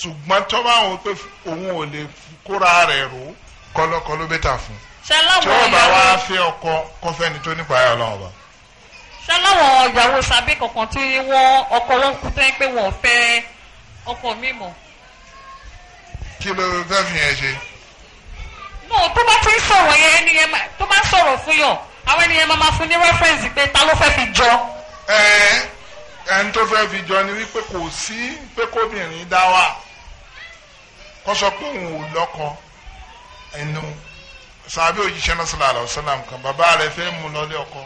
ṣùgbọ́n tó bá wọn pé òun ò lè kóra rẹ̀ ro kọ́lọ́kọ́ bẹ́tà fún un sáláwọn ìyàwó tí wọ́n bá wá fẹ́ ọkọ kọfẹ́ni tó nípa ayọ̀ ọlọ́run ọba. sáláwọn ìyàwó sàbí kankan tí wọ́n ọkọ wọn kú tẹ́ pé wọ́n fẹ́ ọkọ mi mọ̀. kí ló fẹ́ fi yẹn ṣe. no tó bá ti ń sọ̀rọ̀ yẹn ẹni yẹn tó bá ń sọ̀rọ̀ fún yàn àwọn ènìyàn máa fún ní rẹ́fẹ̀nsì pé ta ló fẹ́ fi jọ. ẹ ẹni tó fẹ́ fi jọ ni wípé kò sí pé kóbìnrin dá wà kó sọ pé òun ò lọ́kọ ẹnu sàbí òjíṣẹ́ náà sallallahu alaihi wasallam kan bàbá rẹ̀ fẹ́ mú lọ́lé ọkọ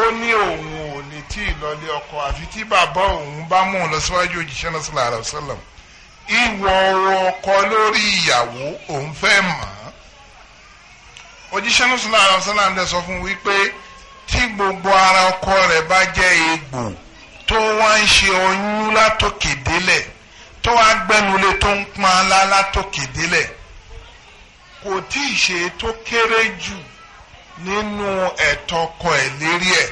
ó ní òun ò lè tí ì lọ́lé ọkọ àfi tí bàbá òun bá mú un lọ síwájú òjíṣẹ́ náà sallallahu alaihi wasallam ìwọ ọkọ lórí ìyàwó òun fẹ́ mọ̀ ọ́ òjíṣẹ́ náà sallallahu alaihi wasallam dẹ̀ sọ fún wípé tí gbogbo ara ọkọ rẹ̀ bá jẹ́ egbò tó wá ń ṣe oyún látòkè délẹ̀ tó wá gbẹ́nulé tó ń pọn alá látòkè délẹ̀ kò tí ì ṣe tó kéré jù nínú ẹ̀tọ́ ọkọ ẹ̀ lérí ẹ̀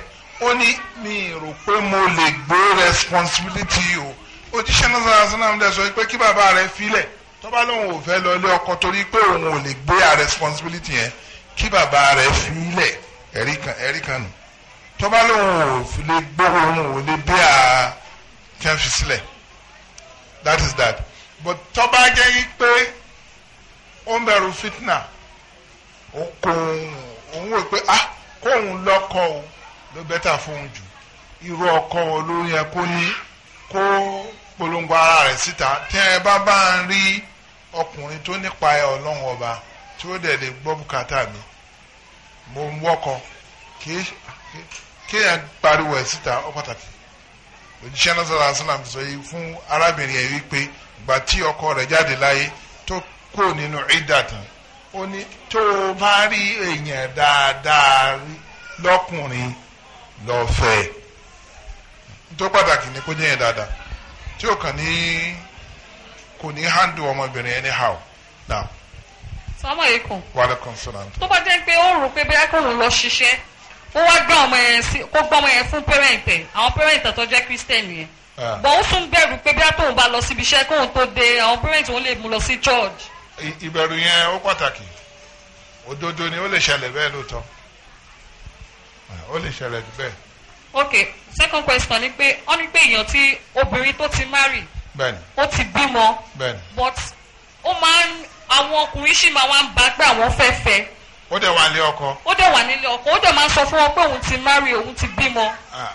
ó ní mi rò pé mo lè gbé responsibility o òjíṣẹ́ náà sọ́nà sọ́nà ń dẹ̀sọ́ pé kí bàbá rẹ̀ filẹ̀ tó bá ò fẹ́ lọ ilé ọkọ torí pé òun ò lè gbé a responsibility yẹn kí bàbá rẹ̀ filẹ̀ ẹ̀rí kan nù tó bá ò lè gbé òun ò lè gbé a kí fi sílẹ̀ that is that but tó jẹ́ pé. ó ń bẹ̀rù fitna kò òun wò pé ah kóun lọ́kọ o ló bẹ́tà fóun jù irú ọkọ olórí yẹn kó ní kó polongo ara rẹ̀ síta tí ẹ bá bá ń rí ọkùnrin tó nípa ẹ ọlọ́run ọba tí ó dẹ̀ lè gbọ́ bùkátà mi mo ń wọ́kọ kéèyàn pariwo ẹ̀ síta ó pàtàkì òjíṣẹ́ náà sọ̀rọ̀ yìí fún arábìnrin ẹ̀ wípé ìgbà ọkọ rẹ̀ jáde láyé tó kúrò nínú ìdá tán ó ní tó o bá rí èèyàn dáadáa rí lọ́kùnrin lọ́fẹ̀ẹ́ tó pàtàkì ni kó jẹ́ yẹn dáadáa tí ó kàn ní kò ní handle ọmọbìnrin anyhow now. salamu aleykum. wa aleykum salaam. tó bá jẹ́ pé ó rò pé bí akọ̀rò lọ ṣiṣẹ́ ó wá gbọ́ ọmọ yẹn sí kó gbọ́ ọmọ yẹn fún pẹ́rẹ́ǹtẹ̀ àwọn pẹ́rẹ́ǹtẹ̀ tó jẹ́ kírísítẹ́nì yẹn. Ah. bọ̀ ó tún bẹ̀rù pé bí akọ̀rò bá lọ síbi iṣẹ́ kóun tó dé àwọn pẹ́rẹ́ǹtì wọn lè mú lọ sí church ìbẹ̀rù yẹn ó pàtàkì òdodo ni ó lè ṣẹlẹ̀ bẹ́ẹ̀ lóòótọ́ ó lè ṣẹlẹ̀ bẹ́ẹ̀. ok second question ni pé wọ́n ní pé èèyàn tí obìnrin tó ti marry bẹ́ẹ̀ni ó ti bímọ bẹ́ẹ̀ni but ó máa ń àwọn ọkùnrin sì máa wá ń bá pé àwọn fẹ́ fẹ́. ó dẹ̀ wà nílé ọkọ. ó dẹ̀ wà nílé ọkọ ó dẹ̀ máa ń sọ fún wọn pé òun ti marry òun ti bímọ. Ah,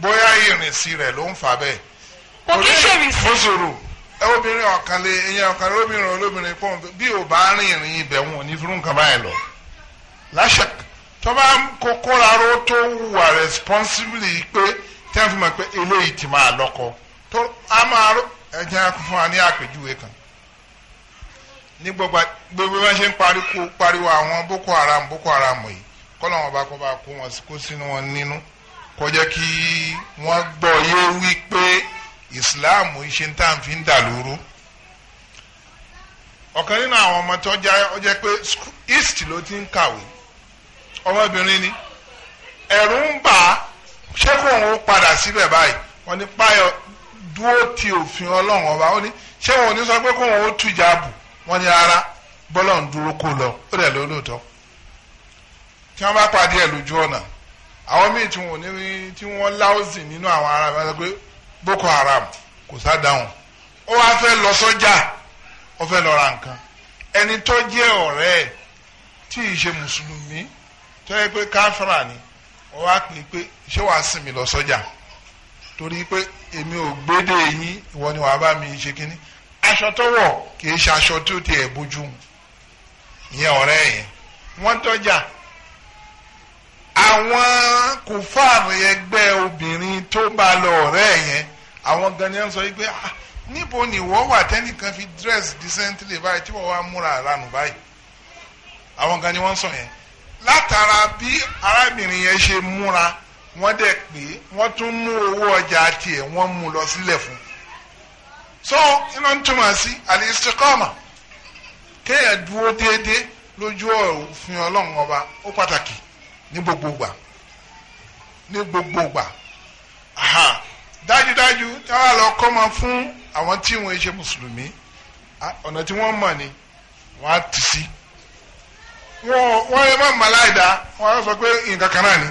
bóyá ìrìnsí rẹ̀ ló ń fà bẹ́ẹ̀. kò kí ń ṣèrìnsí. obìnrin ọ̀kan lè èèyàn obìnrin olóbìnrin pọ̀ bí o bá rìn ìrìn ibẹ̀ wọn ò ní fún lọ láṣẹ tó bá ń kókó rárá tó wà responsibly pé tẹ́ fi mọ̀ pé eléyìí ti máa lọ́kọ tó a máa ẹ̀jẹ̀ fún wa ní àpèjúwe kan ní gbogbo gbogbo ṣe ń boko haram boko haram yìí kọ́lọ̀ wọn bá kọ́ bá kó wọn kó sínú wọn nínú kọjá ìsìláàmù iṣẹ́ ń tà ń fi ń dà nínú àwọn ọmọ tó jẹ́ pé east ló ti ń kàwé ọmọbìnrin ni ẹ̀rù ń bà á padà síbẹ̀ báyìí wọ́n ní páyọ̀ dúró ti òfin ọlọ́run ọba ó ní ṣé wọn ní sọ pé kò ń wọ́n lọ ó dẹ̀ ló tí wọ́n bá pàdé ẹ̀ lójú ọ̀nà àwọn míì tí wọ́n Boko Haram kò sá dáhùn ó wá fẹ́ lọ sọ́jà ó fẹ́ lọ ra nǹkan ẹni tó jẹ́ ọ̀rẹ́ tí ì ṣe mùsùlùmí tó yẹ pé káfíra ni ó wá pè pé ṣé wàá sìn mí lọ sọ́jà torí pé èmi ò gbédè yín ìwọ ni wàá bá mi ṣe kínní aṣọ tó wọ̀ kì í ṣe aṣọ tó tiẹ̀ bójú ìyẹn ọ̀rẹ́ yẹn wọ́n tọ́jà àwọn kùfààrù ẹgbẹ́ obìnrin tó bá lọ ọ̀rẹ́ yẹn àwọn gan ni wọ́n sọ wípé ah, níbo ni ìwọ wà tẹ́nìkan fi dress decently báyìí tí wọ́n wá múra àránù báyìí àwọn gan ni wọ́n sọ yẹn látara bí arábìnrin yẹn ṣe múra wọ́n dẹ̀ pé wọ́n tún mú owó ọjà tiẹ̀ wọ́n mú lọ sílẹ̀ fún so iná ń túmọ̀ sí àlìsíkọ́mà kéèyàn dúró déédéé lójú òfin ọlọ́run ọba ó pàtàkì ní gbogbo gbà ní gbogbo gbà dájúdájú táwa lọ kọ́ máa fún àwọn tí wọ́n ṣe mùsùlùmí ọ̀nà tí wọ́n mọ̀ ni wọ́n á tì sí wọ́n yẹ má mà láì wọ́n á sọ pé nǹkan kan náà ni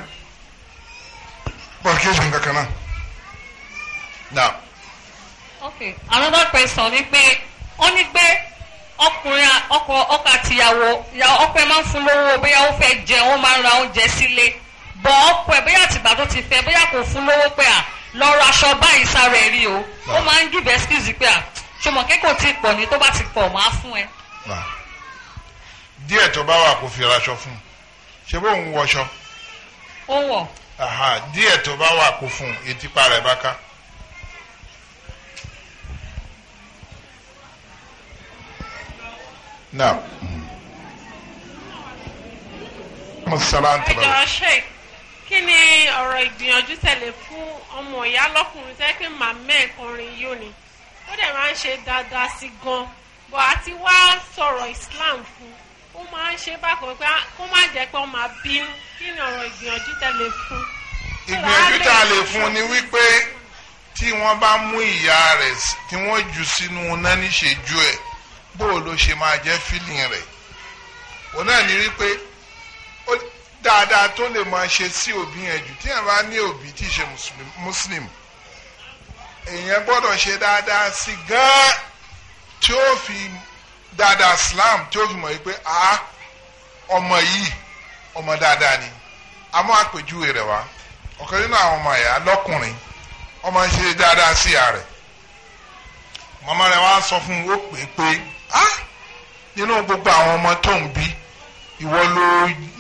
pàkíyèsí nǹkan kan náà. now. okay another question ni pé ó ní pé ọkùnrin ọkọ ọkọ àtìyàwó ọkọ ẹ máa ń fún lówó bóyá ó fẹ́ jẹun ó máa ń ra oúnjẹ sílé bọ ọkọ ẹ bóyá àtìgbà tó ti fẹ́ bóyá kò fún lówó pé à lọ ra aṣọ báyìí sára ẹ rí o ó máa ń give excuse pé à ṣùgbọ́n kékeré ti pọ̀ ní tó bá ti pọ̀ máa fún ẹ. díẹ̀ tó bá wà kó fi raṣọ fún un ṣé bóun wọṣọ. ó wọ̀. díẹ̀ tó bá wà kó fún un ètípa rẹ̀ bá ká. نعم ẹjọ sheik kí ni ọ̀rọ̀ ìgbìyànjú tẹ̀lé fún ọmọ ìyá lọ́kùnrin tẹ́ pé màmá ẹ̀ yóò ní ó dẹ̀ máa ń ṣe dáadáa sí gan bọ̀ àti wá sọ̀rọ̀ Islam fún ó máa ń ṣe bákan pé kó má jẹ́ pé ó máa kí ni ọ̀rọ̀ ìgbìyànjú tẹ̀lé fún. ìgbìyànjú tá a lè fún ni wípé tí wọ́n bá mú ìyá rẹ̀ tí wọ́n jù sínú náà níṣe ju ẹ̀ bó o ló ṣe máa jẹ́ fílìn rẹ̀ òun náà ní wípé dáadáa tó lè máa ṣe sí òbí yẹn jù tíyẹn bá ní òbí tí ṣe muslim èèyàn gbọ́dọ̀ ṣe dáadáa sí gan-an tí ó fi dáadáa islam tí ó fi mọ̀ wípé a ọmọ yìí ọmọ dáadáa ni a máa pèjúwe rẹ̀ wá ọ̀kan nínú àwọn ọmọ ẹ̀yà lọ́kùnrin ọmọ ṣe dáadáa sí ààrẹ màmá rẹ̀ wá sọ fún un ó pè é pé nínú gbogbo àwọn ọmọ tó ń bí ìwọ ló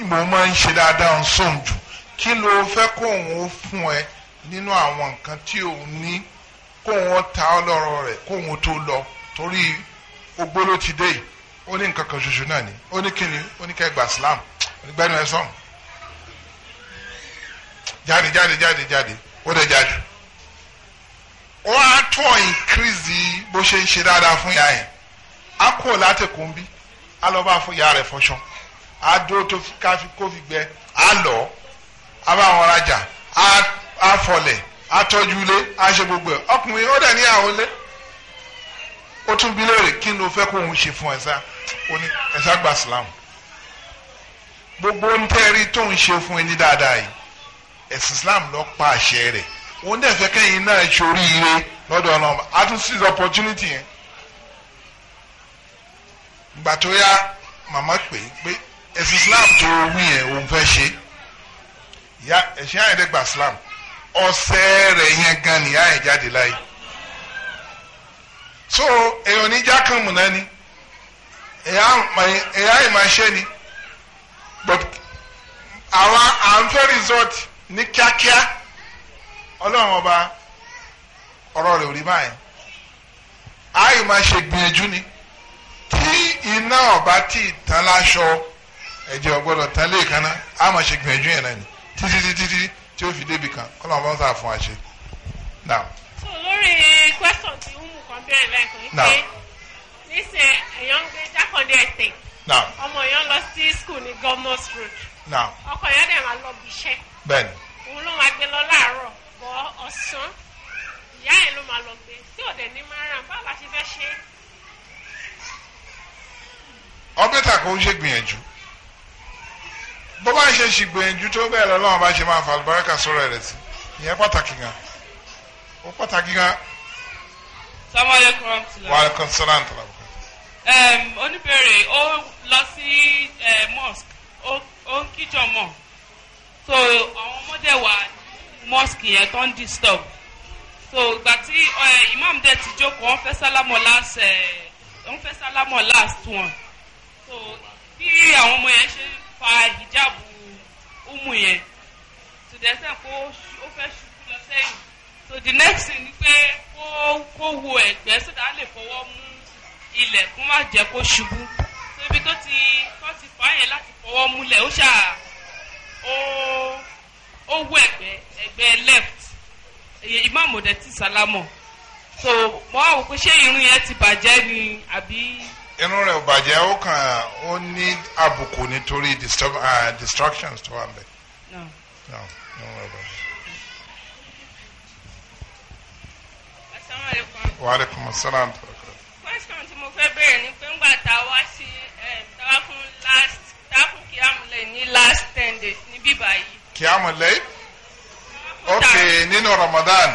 mo máa ń ṣe dáadáa ń sóun jù kí ló fẹ́ kó òun ó fún ẹ nínú àwọn nǹkan tí òun ní kó òun ta ọ lọ́rọ̀ rẹ̀ kó òun tó lọ torí ogbó ló ti dé yìí ó ní nǹkan kan ṣoṣo náà ni ó ní kíni ó ní kẹgbà Islam onígbẹ́nu ẹ sọ̀rọ̀ jáde jáde jáde jáde ó dẹ̀ jáde ó á tọ̀ ìkírísì bó ṣe ń ṣe dáadáa fún ìyá ẹ̀ á kò látẹ̀kùn bí á lọ bá fún ìyá rẹ̀ fọṣọ á dúró tó fi ká fi kó fi gbẹ á lọ á bá wọn rajà á fọlẹ̀ á tọ́jú ilé á ṣe gbogbo ẹ̀ ọkùnrin ó dẹ̀ níyàwó lé ó tún bí léèrè kí ló fẹ́ kóun ṣe fún ẹ̀sà ẹ̀sà gba Islam gbogbo ń tẹ́rí tóun ṣe fún ẹni dáadáa yìí ẹ̀sìn Islam ló pa àṣẹ rẹ̀ òun dẹ̀ fẹ́ kẹ́yìn náà ṣorí ire lọ́dọ̀ ọlọ́run a tún seize opportunity yẹn ìgbà tó yá màmá pè é pé ẹ̀sìn Islam tó wí yẹn òun fẹ́ ṣe ìyá ẹ̀sìn àyẹ̀dẹ̀ gba Islam ọ̀sẹ̀ rẹ̀ yẹn gan nìyá ẹ̀ jáde láyé so èèyàn níjà kan mùnà ni èèyàn àìmáṣẹ́ ni but àwa à ń fẹ́ result ní kíákíá ọlọ́run ọba ọ̀rọ̀ rẹ̀ rí báyẹn àyè máa ṣe gbìyànjú ni tí iná ọba tí tán láṣọ ẹ̀jẹ̀ ọgbọ́dọ̀ tán léèkánná á máa ṣe gbìyànjú yẹn náà ni títí títí títí tí ó fi débi kan kọ́lọ́run bá ń sáà fún wa so lórí question tí umu kan bẹ̀rẹ̀ lẹ́kọ̀ọ́ yìí pé níṣẹ́ èèyàn ń gbé jákòndé ẹ̀sìn ọmọ èèyàn lọ sí school ní government road ọkọ̀ yẹn dẹ̀ máa lọ bí iṣẹ́ òun ló máa gbé lọ láàárọ̀ àbọ̀ ọ̀sán ìyá ẹ̀ ló máa lọ gbé tí ò dẹ̀ ní máa ràn báwo la ṣe fẹ́ ṣe. ọbẹ̀ tà kó ń ṣe gbìyànjú bó bá ń ṣe ṣì gbìyànjú tó bẹ́ẹ̀ lọ́wọ́ bá ṣe máa fa àlùbáríkà sọ̀rọ̀ rẹ̀ sí ìyẹn pàtàkì gan ó pàtàkì gan. Assalamu alaikum warahmatullahi. Wa alaikum um, oníbèrè ó lọ sí mosque ó ń kíjọ mọ so àwọn ọmọdé wà mosque yẹn tó ń disturb so ìgbà tí eh, imam dẹ̀ ti jókòó wọ́n fẹ́ sálámọ̀ last eh, wọ́n fẹ́ sálámọ̀ last one so bí àwọn ọmọ yẹn ṣe fa hijab. umu yẹn to the extent kó ó fẹ́ ṣubú lọ sẹ́yìn so the next thing ni pé kó kó wo ẹ̀gbẹ́ so that a lè fọwọ́ mú ilẹ̀ kó má jẹ́ kó ṣubú so ibi tó ti tó ti fà yẹn láti fọwọ́ múlẹ̀ ó ṣáà ó ó wọ ẹ̀gbẹ́ ẹ̀gbẹ́ left èyí ìmáàmù dẹ̀ ti sálámọ̀ so mo wá wò pé ṣé irun yẹn ti bàjẹ́ ni àbí. irun rẹ̀ ò bàjẹ́ ó kàn ó ní àbùkù nítorí ah, distractions tó wà ń bẹ̀. no no irun rẹ̀ ò bàjẹ́. asalaamualeykum. wa aleykum asalaam. question tí mo fẹ́ bẹ̀rẹ̀ ni pé ńgbà tá a wá sí eh, tá a wá fún last tá a fún kí á múlẹ̀ ní last ten days ní bíbá yìí kíámù lẹ́yìn ok nínú Ramadan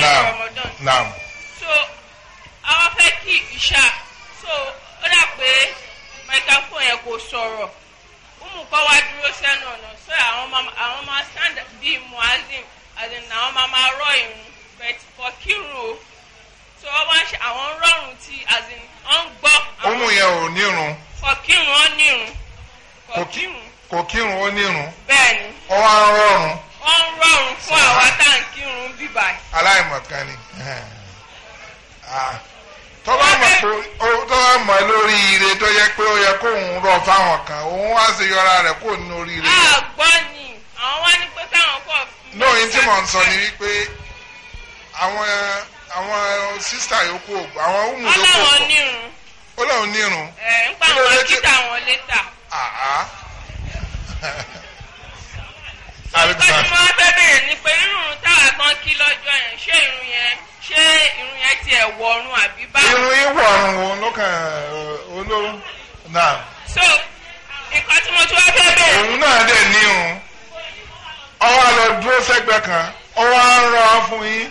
naam naam. so àwọn fẹ́ kí ìṣá so ó dà pé microphone yẹn kò sọ̀rọ̀ umu kọ́ dúró sẹ́nu ọ̀nà so àwọn máa àwọn máa stand bíi muazim àti àwọn máa máa rọ ìrun bẹ̀tì kọ́ kírun o so wọ́n wá ṣe àwọn rọrùn tí àti wọ́n ń gbọ́. umu yẹn ò nírun. For kírun ó nírun kọ́ kírun kò kírun ó nírun. bẹ́ẹ̀ni. ó wá ń rọrùn. ó ń rọrùn fún àwa tá à ń kírun bíbá. aláìmọ̀kan ni tó bá mọ̀ tó bá mọ̀ lórí ire tó yẹ pé ó yẹ kó òun rọ fáwọn kan òun wá sí yọra rẹ̀ kó ní orí ire. àgbọ̀ ni àwọn wá ní pé káwọn pọ̀ fún. tí mò ń sọ ni wípé àwọn àwọn sísítà yòókù ògbó àwọn ọmọ yòókù ògbó ó láwọn nírun. ẹ ń pa àwọn kíta àwọn létà. Bọ́sẹ̀ máa fẹ́ bẹ̀rẹ̀ ni pé irun táwa kan kí lọ́jọ́ yẹn ṣé irun yẹn ṣé irun yẹn tiẹ̀ wọ̀run àbí bá. Irun yìí wọ̀run òun ló kàn olóró náà. So nǹkan tí mo tún wá fẹ́ bẹ̀rẹ̀. Òun náà dẹ̀ ní òun. Ọwọ́ àlọ́ dúró sẹ́gbẹ̀ẹ́ kan, ọwọ́ á ń rọ fún yín.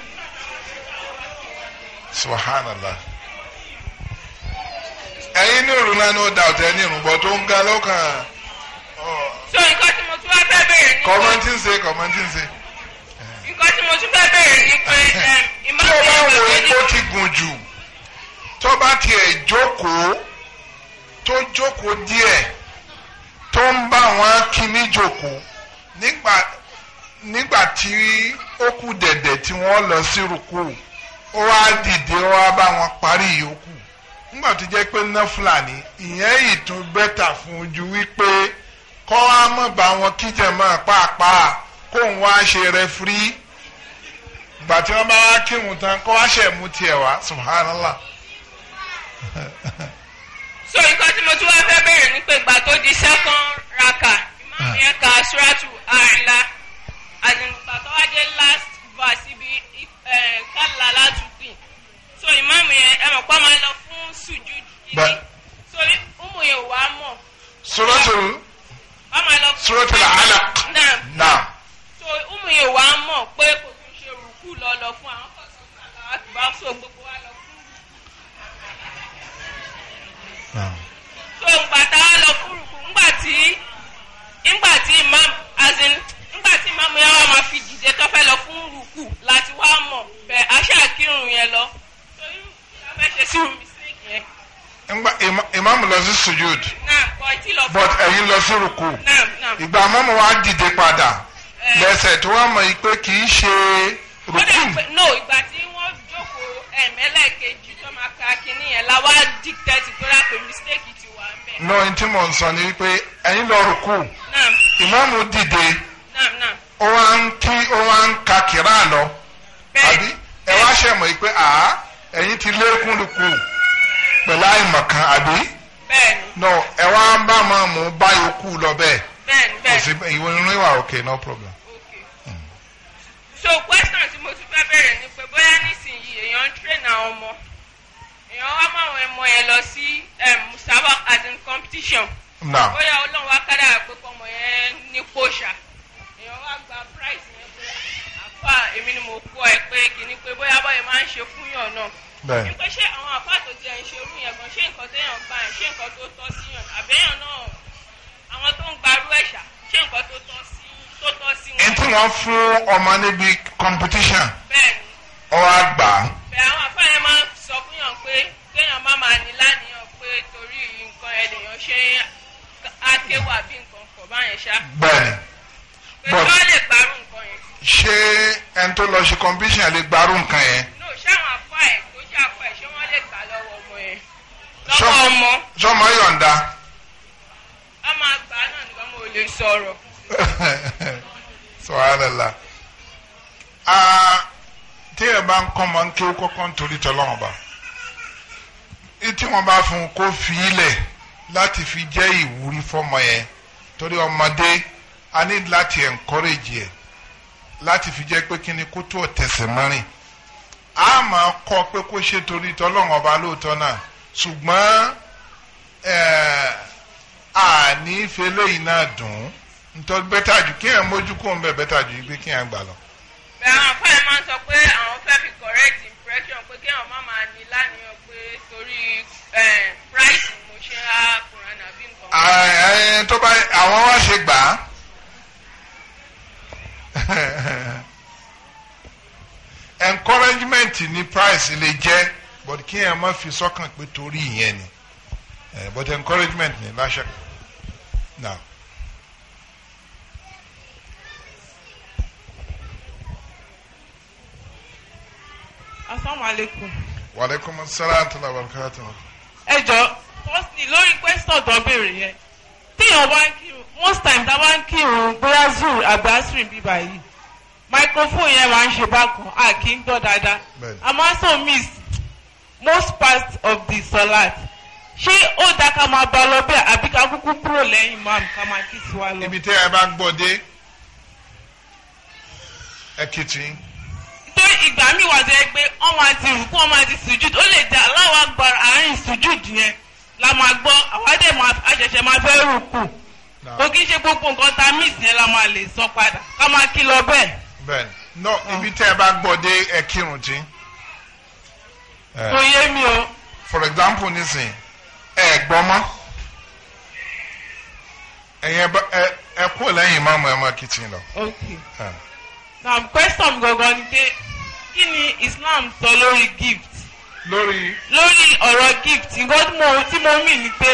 Subhanallah ẹyin ní òrùlá ní ọ̀dà ọ̀tẹ̀ ní ìrùbọ̀ tó ń ga lọ́kàn so nǹkan tí mo tún wá fẹ́ bẹ̀rẹ̀ ni. kọ̀ọ̀mọ́ tí ń ṣe kọ̀ọ̀mọ́ tí ń ṣe. nǹkan tí mo tún fẹ́ bẹ̀rẹ̀ ni pé ìmọ̀lẹ́ ìgbàlódé. tó bá wo epo ti gùn jù tó bá tiẹ̀ jókòó tó jókòó díẹ̀ tó ń bá wọn kíní jókòó nígbà nígbà tí ó kù dẹ̀dẹ̀ tí wọ́n lọ sí rúkú ó wá dìde ó wá bá wọn parí ìyókù nígbà tó jẹ́ pé ná fúlàní ìyẹn ìtún bẹ́tà fún ju wípé kọ́ á mọ̀ bá wọn kíjẹ̀ mọ́ pàápàá kó ń wá ṣe rẹfúrí ìgbà tí wọ́n bá wá kírun tán kó wá ṣe mú tiẹ̀ wá subhanallah. so nǹkan tí mo tún wá fẹ́ bẹ̀rẹ̀ ni pé ìgbà tó di second raka ìyẹn ka suratu àìlá àdìgbà tó wá dé last verse ibi kálá látúkì so ìmáàmù yẹn ẹ mọ̀ pé wọ́n máa lọ fún sùjúdù yìí so ọmọ yẹn wàá mọ̀. suratu ọmọ ẹ lọ. suratul so umu yìí wà á pé kò tún ṣe rùkú lọ lọ fún àwọn kọ̀ọ̀kan àwọn àtìbá so gbogbo wa lọ fún rùkú. so gbàtà lọ fún rùkú. sí rùkù ìgbà mọ́mọ́ wa dìde padà lẹ́sẹ̀ tí wọ́n mọ̀ pé kì í ṣe rùkù. no ìgbà tí wọ́n jókòó ẹ̀mẹ́lẹ́kejì tó máa ka kínní yẹn la wá dictate tó rà pé mistake ti wà ń bẹ̀. no ntí mò ń sọ ni wípé ẹ̀yin lọ rùkù ìmáàmù dìde ó wá ń kí ó wá ń ka kìrá lọ àbí ẹ wá ṣe mọ̀ pé ẹ̀yin ti lékún rùkù pẹ̀lú àìmọ̀kan àbí no ẹ wá ń bá máa mú báyìí kú lọ bẹ́ẹ̀. kò sí ìwọ irun ìwà okay no problem. Hmm. so question tí mo tún fẹ́ bẹ̀rẹ̀ ni pé bóyá nísìnyí èèyàn ń train àwọn ọmọ èèyàn wá mọ àwọn ẹmọ yẹn lọ sí musaba as in competition. na bóyá ọlọ́run wá kára àgbẹ̀kọ̀ ọmọ yẹn ní kóṣà èèyàn wá gba prize yẹn pé àpá èmi ni mo kọ́ ẹ pé kì í pé bóyá báyìí máa ń ṣe fún yàn náà wípé ṣé àwọn àfáà tó ti ẹ̀ ń ṣe irú yẹn gan ṣé nǹkan téèyàn gbà ẹ̀ ṣé nǹkan tó tọ́ sí yàn àbẹ́yàn náà àwọn tó ń gbarú ẹ̀ṣà ṣé nǹkan tó tọ́ sí tó tọ́ sí wọn. ètò wọn fún ọmọ níbi competition. bẹ́ẹ̀ni. ọ wá gbà á. bẹ́ẹ̀ àwọn àfáà yẹn máa ń sọ fún yàn pé kéèyàn má máa ní láníyàn pé torí nǹkan ẹ̀ lèèyàn ṣe akéwà àbí nǹkan kọ̀ báyẹn ṣá. bẹ́ẹ̀ni. pé kí wọ́n lè gbarú nǹkan yẹn. ṣé ẹni tó lọ ṣe competition lè gbarú nǹkan yẹn. ọmọ ọmọ. sọmọ yọ̀ǹda. ọmọ àgbà náà ni ọmọ ò lè sọ̀rọ̀. sọ̀hánilá tí ẹ bá ń kọ́ ọmọ nkí ó kọ́kọ́ nítorí tọ́lọ́wọ́n bá tí wọ́n bá fún un kó fi ilẹ̀ láti fi jẹ́ ìwúrí fọ́mọ yẹn torí ọmọdé a ní láti encourage yẹn láti fi jẹ́ pé kíni kó tó tẹ̀sẹ̀ mọ́rin a máa kọ́ pé kó ṣe torí tọ́lọ́wọ́n bá lóòótọ́ náà ṣùgbọ́n àní ìfẹ́lẹ́ yìí náà dùn nítorí bẹ́tà jù kí ẹ̀ mójú kó ń bẹ̀ bẹ́tà jù pé kí ẹ̀ gbà lọ. bẹ́ẹ̀ àwọn afẹ́ máa ń sọ pé àwọn fẹ́ fi correct impression pé kí àwọn máa ní lánìyàn pé torí price mo ṣe á kùnrin àbí nǹkan. tó bá àwọn wá ṣe gbà á encouragement ni price lè jẹ́ but kí ẹ má fi sọ́kàn pé torí ìyẹn ni but encouragement ni láṣẹ now. asalaamualeykum. waaleykum salaam tala barakatu. ẹ jọ firstly lórí question tó béèrè yẹn téèyàn bá ń kírun most times tá a bá ń kírun bóyá zuru àbí asrin bíbá yìí microphone yẹn máa ń ṣe bákan a kì í gbọ́ dáadáa a sọ miss most parts of the salat ṣé ó dá ká máa bá lọ bẹ́ẹ̀ àbí ká kúkú kúrò lẹ́yìn imam ká máa kí tiwa lọ. ibi tí ẹ bá gbọ́ dé ẹ kí tí. tó ìgbà mi wà jẹ́ pé wọ́n máa ti rùkú wọ́n sùjúd ó lè dá aláwọ̀ agbára àárín sùjúd yẹn la máa gbọ́ àwádẹ́ máa àṣẹ̀ṣẹ̀ máa fẹ́ rùkú kò kí n ṣe gbogbo nǹkan tá a mí ìsìn la máa lè sọ padà ká máa kí lọ bẹ́ẹ̀. bẹ́ẹ̀ no ibi tí ẹ bá gbọ́ dé ẹ kírun tí. Eh. kò yé mi o. for example nísìnyí ẹ gbọ́ mọ́ ẹ̀yẹ ẹ kú lẹ́yìn máàmù ẹ̀ máa kitchen lọ. ok eh. na question gangan ni pé kí ni Islam sọ lórí gift. lórí. lórí ọ̀rọ̀ gift nǹkan tí mo tí mo mì ni pé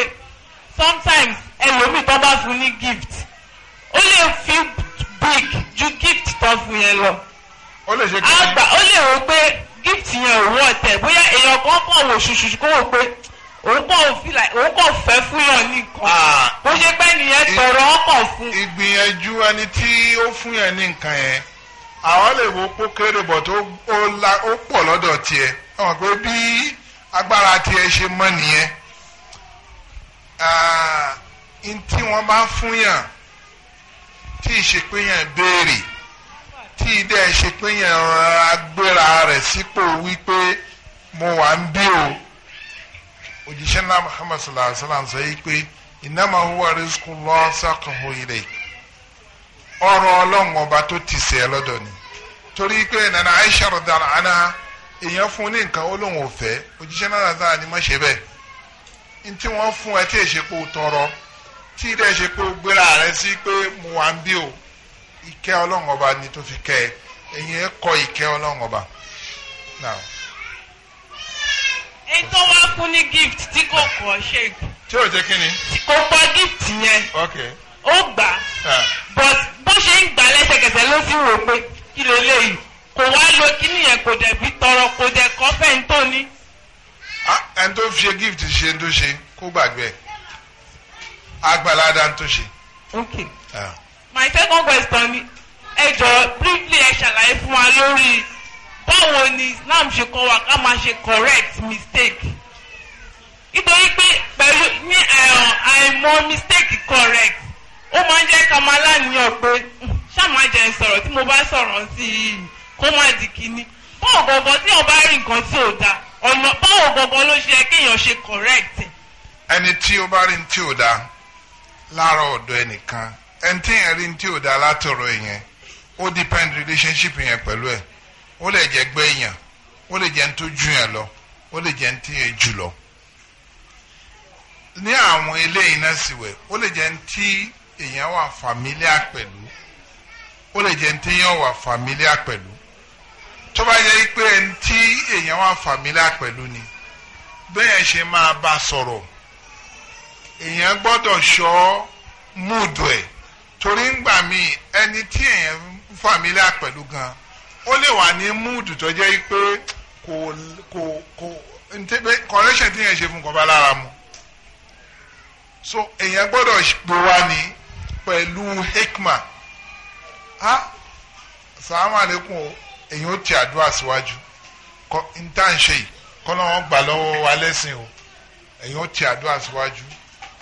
sometimes ẹlòmíì tó bá fún ní gift ó lè fi big, ju gift tó fún yẹn lọ. ó lè ṣe kí ni. àgbà ó lè rò pé gift yẹn òun ọ̀tẹ̀ bóyá èèyàn kan kàn wò ṣùṣù kó wò pé òun kàn fi like òun kàn fẹ́ fún yàn nìkan ah. bó ṣe pẹ́ nìyẹn tọrọ ọkàn fún. ìgbìyànjú ẹni tí ó fún yẹn ní nǹkan yẹn àwọn lè wo pó kéré bọ̀ tó ó pọ̀ lọ́dọ̀ tiẹ̀ ọ̀hún pé bí agbára tiẹ̀ ṣe mọ́ nìyẹn ah, n tí wọ́n bá fún yàn tí ìṣèpéyàn béèrè tí ìdẹ́ ṣe pé yẹn agbéra rẹ̀ sípò wípé mo wà ń bí o òjíṣẹ́ náà Muhammad sallallahu alayhi wa sallam sọ yìí pé innama ọlọ́run ọba tó ti sẹ́ lọ́dọ̀ ni torí pé nana Aisha radhiyallahu anha èèyàn fún ní nǹkan ni mo ṣe bẹ́ẹ̀ n tí wọ́n tọrọ tí ṣe gbéra sí pé mo o. ìkẹ́ ọlọ́run ọba ni tó fi kẹ́ ẹ ẹ̀yin ẹ kọ ìkẹ́ ọlọ́run ọba. ẹni tó wá kú ní gift tí kò kọ ṣe. tí ò jẹ́ kí ni. kò kọ gift yẹn. ó gbà but bó ṣe ń gbà lẹ́sẹ̀kẹsẹ̀ ló sì rò pé kí ló léyìí kò wá lo kíní yẹn kò dẹ̀ fi tọrọ kò dẹ̀ kọ́ fẹ́ni tó ní. Ah, ẹni tó fi gift ṣe ń tó ṣe kó gbàgbé àgbàlá dá ń tó ṣe. okay. Uh my second question ni ẹ jọ̀ọ́ briefly ẹ ṣàlàyé fún wa lórí báwo ni Islam ṣe kọ́ wa ká máa ṣe correct mistake nítorí pé pẹ̀lú ní àìmọ̀ mistake correct ó máa ń jẹ́ ká máa láníyàn pé hmm, ṣáàmà jẹ́ sọ̀rọ̀ tí mo bá sọ̀rọ̀ sí i kó má di kíní báwo gangan tí o bá rí nǹkan tí ò dáa ọ̀nà báwo gangan ló ṣe kéèyàn ṣe correct. ẹni tí ó bá rí ní tí ò dáa láàárọ̀ ọ̀dọ̀ ẹnìkan ẹ̀ǹtẹ́ yẹn rí ní tí ò da látọ̀rọ̀ yẹn ó depend relationship yẹn pẹ̀lú ẹ̀ ó lè jẹ́ gbé yẹn ó lè jẹ́ tó ju yẹn lọ ó lè jẹ́ tí yẹn jù lọ. ní àwọn eléyìí náà sì wẹ̀ ó lè jẹ́ tí èèyàn wà familiar pẹ̀lú ó lè jẹ́ tí èèyàn wà familiar pẹ̀lú tó bá yẹ pé tí èèyàn wà familiar pẹ̀lú ni bẹ́ẹ̀ ṣe máa bá sọ̀rọ̀ èèyàn gbọ́dọ̀ ṣọ́ múùdù ẹ̀ torí ń gbà mí ẹni tí èèyàn ń fàmílà pẹ̀lú gan ó lè wà ní múùdù tó jẹ́ pé kò kò kò ntẹ́gbẹ́ correction tí èèyàn ṣe fún kò lára mu so èèyàn gbọ́dọ̀ gbowá ni pẹ̀lú hikma ha sàmú àlékún o èèyàn ó ti àdúrà síwájú kọ níta ń ṣe yìí kọ́nà wọn gbà lọ́wọ́ wa lẹ́sìn o èèyàn ó ti àdúrà síwájú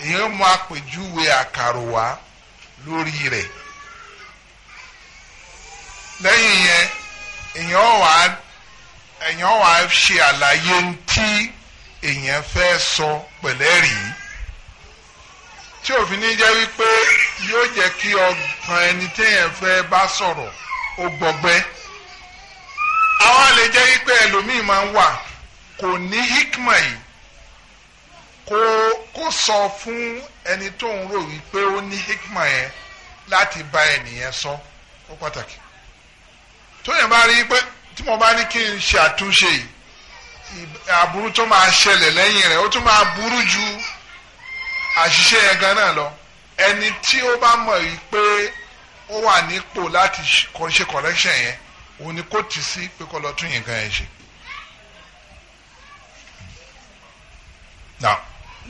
èèyàn ó mú àpèjúwe àkàrò wá lórí rẹ̀ lẹ́yìn yẹn èèyàn wà èèyàn wà ṣe àlàyé tí èèyàn fẹ́ sọ pẹ̀lẹ́rì tí òfin ní jẹ́ wípé yóò jẹ́ kí ọgbọ̀n ẹni téèyàn fẹ́ bá sọ̀rọ̀ ó gbọgbẹ́ àwa lè jẹ́ wípé ẹlòmíì máa ń wà kò ní hikma yìí kó kó sọ fún ẹni tó ń rò wípé ó ní hikma yẹn láti bá ẹnìyẹn sọ ó pàtàkì tó yẹn bá rí pé tí mo bá ní kí n ṣe àtúnṣe yìí aburú tó máa ṣẹlẹ̀ lẹ́yìn rẹ̀ ó tún máa burú ju àṣìṣe yẹn gan náà lọ ẹni tí ó bá mọ̀ wípé ó wà nípò láti ṣe correction yẹn òun ni kò tì sí pé kó lọ tún yìí gan yẹn ṣe.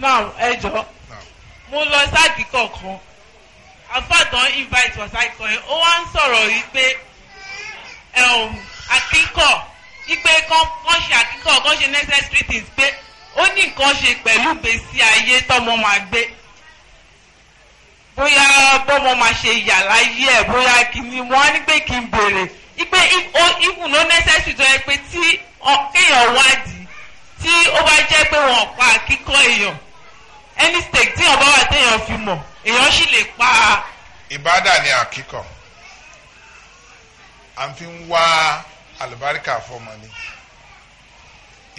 now ẹ jọ mo lọ sáàdì kọ̀ọ̀kan afáàtàn invite wà sáàdì kan yẹn ó wá ń sọ̀rọ̀ wípé um, akíkọ̀ wípé kán ṣe akíkọ̀ kán ṣe necessary things pé ó ní nǹkan ṣe pẹ̀lú ìgbésí ayé tọ́mọ máa gbé bóyá bọ́mọ máa ṣe yà láyé ẹ̀ bóyá kìíní wọ́n á ní pé kí n béèrè wípé ikùn ló necessary tó yẹ pé tí kéèyàn wádìí tí ó bá jẹ́ pé wọ́n pa akíkọ̀ èèyàn any stake tí ọba wà téèyàn fi mọ̀ èèyàn sì lè pa á. ìbádà ni àkíkọ à ń fi ń wá àlùbáríkà fọmọ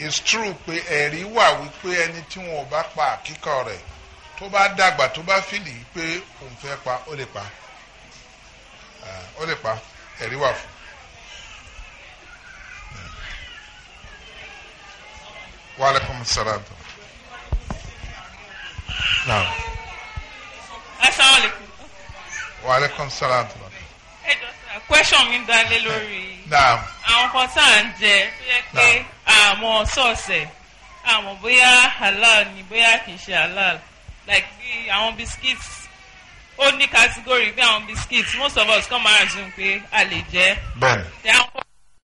it's true pé ẹ̀rí wà wípé ẹni tí wọn ò bá pa àkíkọ rẹ̀ tó bá dàgbà tó bá fìlì pé òun fẹ́ pa ó lè pa ó lè pa ẹ̀rí wà fún. wa alaikum salaam naam. asalaamualeykum. wa aleykum salaam tó lọ. ẹ dọ́tà question mi dá lé lórí. naam. àwọn kan tá à ń jẹ tó yẹ pé àmọ́ sọ̀ọ̀sẹ̀ àmọ́ bóyá halal ni bóyá kì í ṣe halal like bí àwọn biscuits ó ní category bí àwọn biscuits most of us come out zoom pé a lè jẹ. bẹ́ẹ̀.